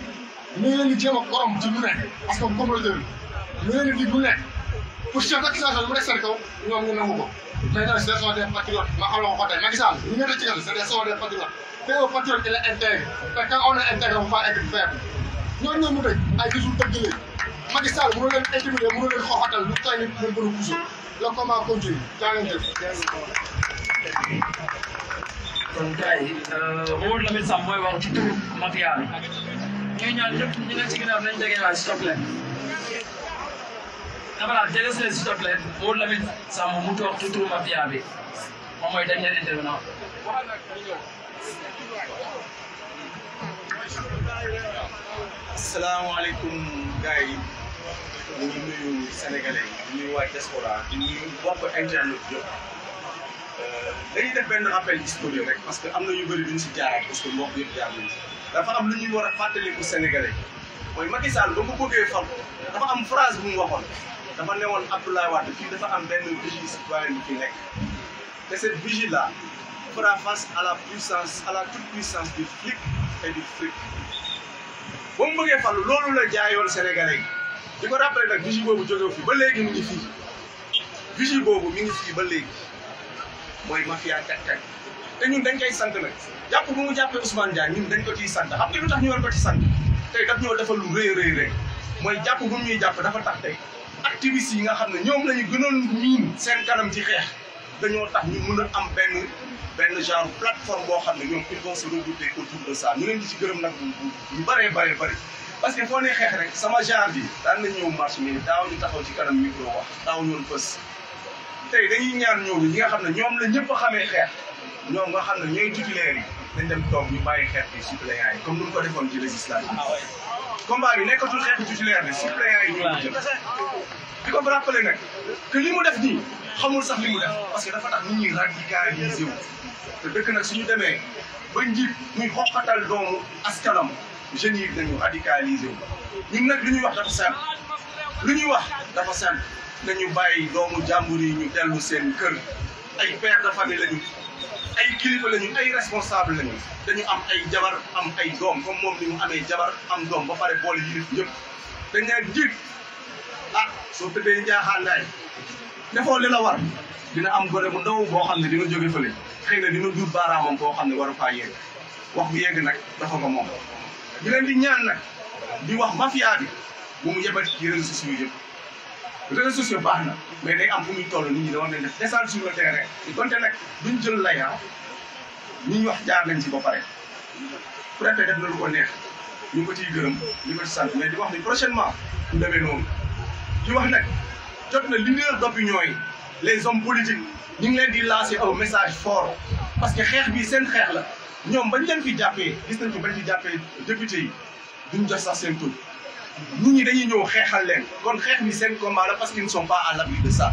[SPEAKER 4] ñu ngi leen di jéem a korom ci lu nekk parce que comme la jël ñu ngi leen di dig lu nekk pour chef d'accusation lu mu nekk seen kaw ñoom ñu nangu ko mais nag ce sont des patriotes ma xamaloo ko tey Macky Sall ñu ngeen di ci gën ce sont des patriotes te yow patriote il est intègre te quand on est intègre on va être faible ñooñu ñoo mu tëj ay gisul dëgg lañ Macky Sall mënoo leen intimider mënoo leen xooxatal lu tey nit ñu mën a puso la comment continuer jaa ngeen jëf.
[SPEAKER 5] kon gars yi euh, Mamadou Lamine Samb mooy wax ci turu Macky Sall ñuy ñaan ñëpp ñu ne ci ginnaaw nañ jege laaj stop leen. camarade délaissez s'il te plaît Maodo Lamine Samb mu toog tuuti mafia bi
[SPEAKER 1] moom mooy dernier intervenant. asalaamaaleykum gars yi ñu ngi nuyu sénégalais ñu nuyu waa diaspora ñu ngi bokk internet bi yëpp euh, dañuy def benn rappel historique rek parce que am na yu bëri duñ si jaar parce que mbokk yëpp jaar nañ dafa am lu ñuy war a fàttaliku sénégalais mooy Macky Sall ba mu bëggee fal dafa am phrase bu mu waxoon. dama ne woon Abdoulaye fii dafa am benn vigie citoyenne bi fi nekk te cette vigie là fera à la puissance à la toute puissance du flic et du fric ba mu bëggee fàllu loolu la jaayoon Sénégalais yi di ko rappelé nag vigie boobu jógewu fi ba léegi mi ngi fii vigie boobu mi ngi fii ba léegi mooy mafia kat-kat te ñun dañ koy sant nag jàpp bu mu jàppee Ousmane Diagne ñun dañ ko ciy sant xam nga lu tax ñu war ko ci sant tey daf ñoo defal lu rëy rëy rëy mooy jàpp bu jàpp dafa tax activistes yi nga xam ne ñoom la ñu gënoon miin seen kanam ci xeex dañoo tax ñu mun a am benn benn genre plateforme boo xam ne ñoom ils vont se regrouper autour de ça ñu leen di ci gërëm nag bu bëree bëree bëri parce que foo nee xeex rek sama genre bi daan nañ ñëw marche mais daaw ñu taxaw ci kanam micro wax daaw ñoon fës tey dañuy ñaan ñooñu ñi nga xam ne ñoom la ñëpp xamee xeex ñoom nga xam ne ñooy titulaire yi dañ dem toog ñu bàyyi xeex bi suppléants yi comme nu mu ko defoon ci législative combat bi nekkatul xeexu titulaire bi suppléant yi ñoo jël di ko rappelé nag que li mu def nii xamul sax li mu def parce que dafa tax nit ñi radicalisé wu te dëkk nag suñu demee ba njiit muy xoqatal doomu askanam jeunes yi nañu radicalisé wu ñun nag lu ñuy wax dafa sant lu ñuy wax dafa sant nañu bàyyi doomu jàmbur yi ñu dellu seen kër ay père de famille lañu ay kilifa lañu ay responsable mi dañu am ay jabar am ay doom comme moom ni mu amee jabar am doom ba pare boole yilif ñëpp dañ naan jiit ah soo tëddee njaaxaandaay defoo li la war dina am gore bu ndaw boo xam ne dina jóge fële di na dina baaraam baaraamam boo xam ne waru faa yegg wax bu yegg nag dafa ko moom. di leen di ñaan nag di wax mafia bi bu mu yebal ci réseaux sociaux yëpp. réseaux sociaux baax na mais day am fu muy toll nit ñi da war nañ def descendre sur le terrain donte nag duñ jël layaa ah, ñi ñu wax jaar nañ ci ba pare préfet def na lu ko neex ñu ngi ko ciy gërëm ñu ngi ko mais di wax ni prochainement mu demee noonu di wax nag jot na leader d'opinion yi les hommes politiques ñu ngi leen di lancer un message fort parce que xeex bi seen xeex la ñoom bañ leen fi jàppee gis nañ ko bañ fi jàppee député yi duñ jox sax seen tur nit ñi dañuy ñëw xeexal leen kon xeex mi seen combat la parce qu'ils ne sont pas à l'abri de ça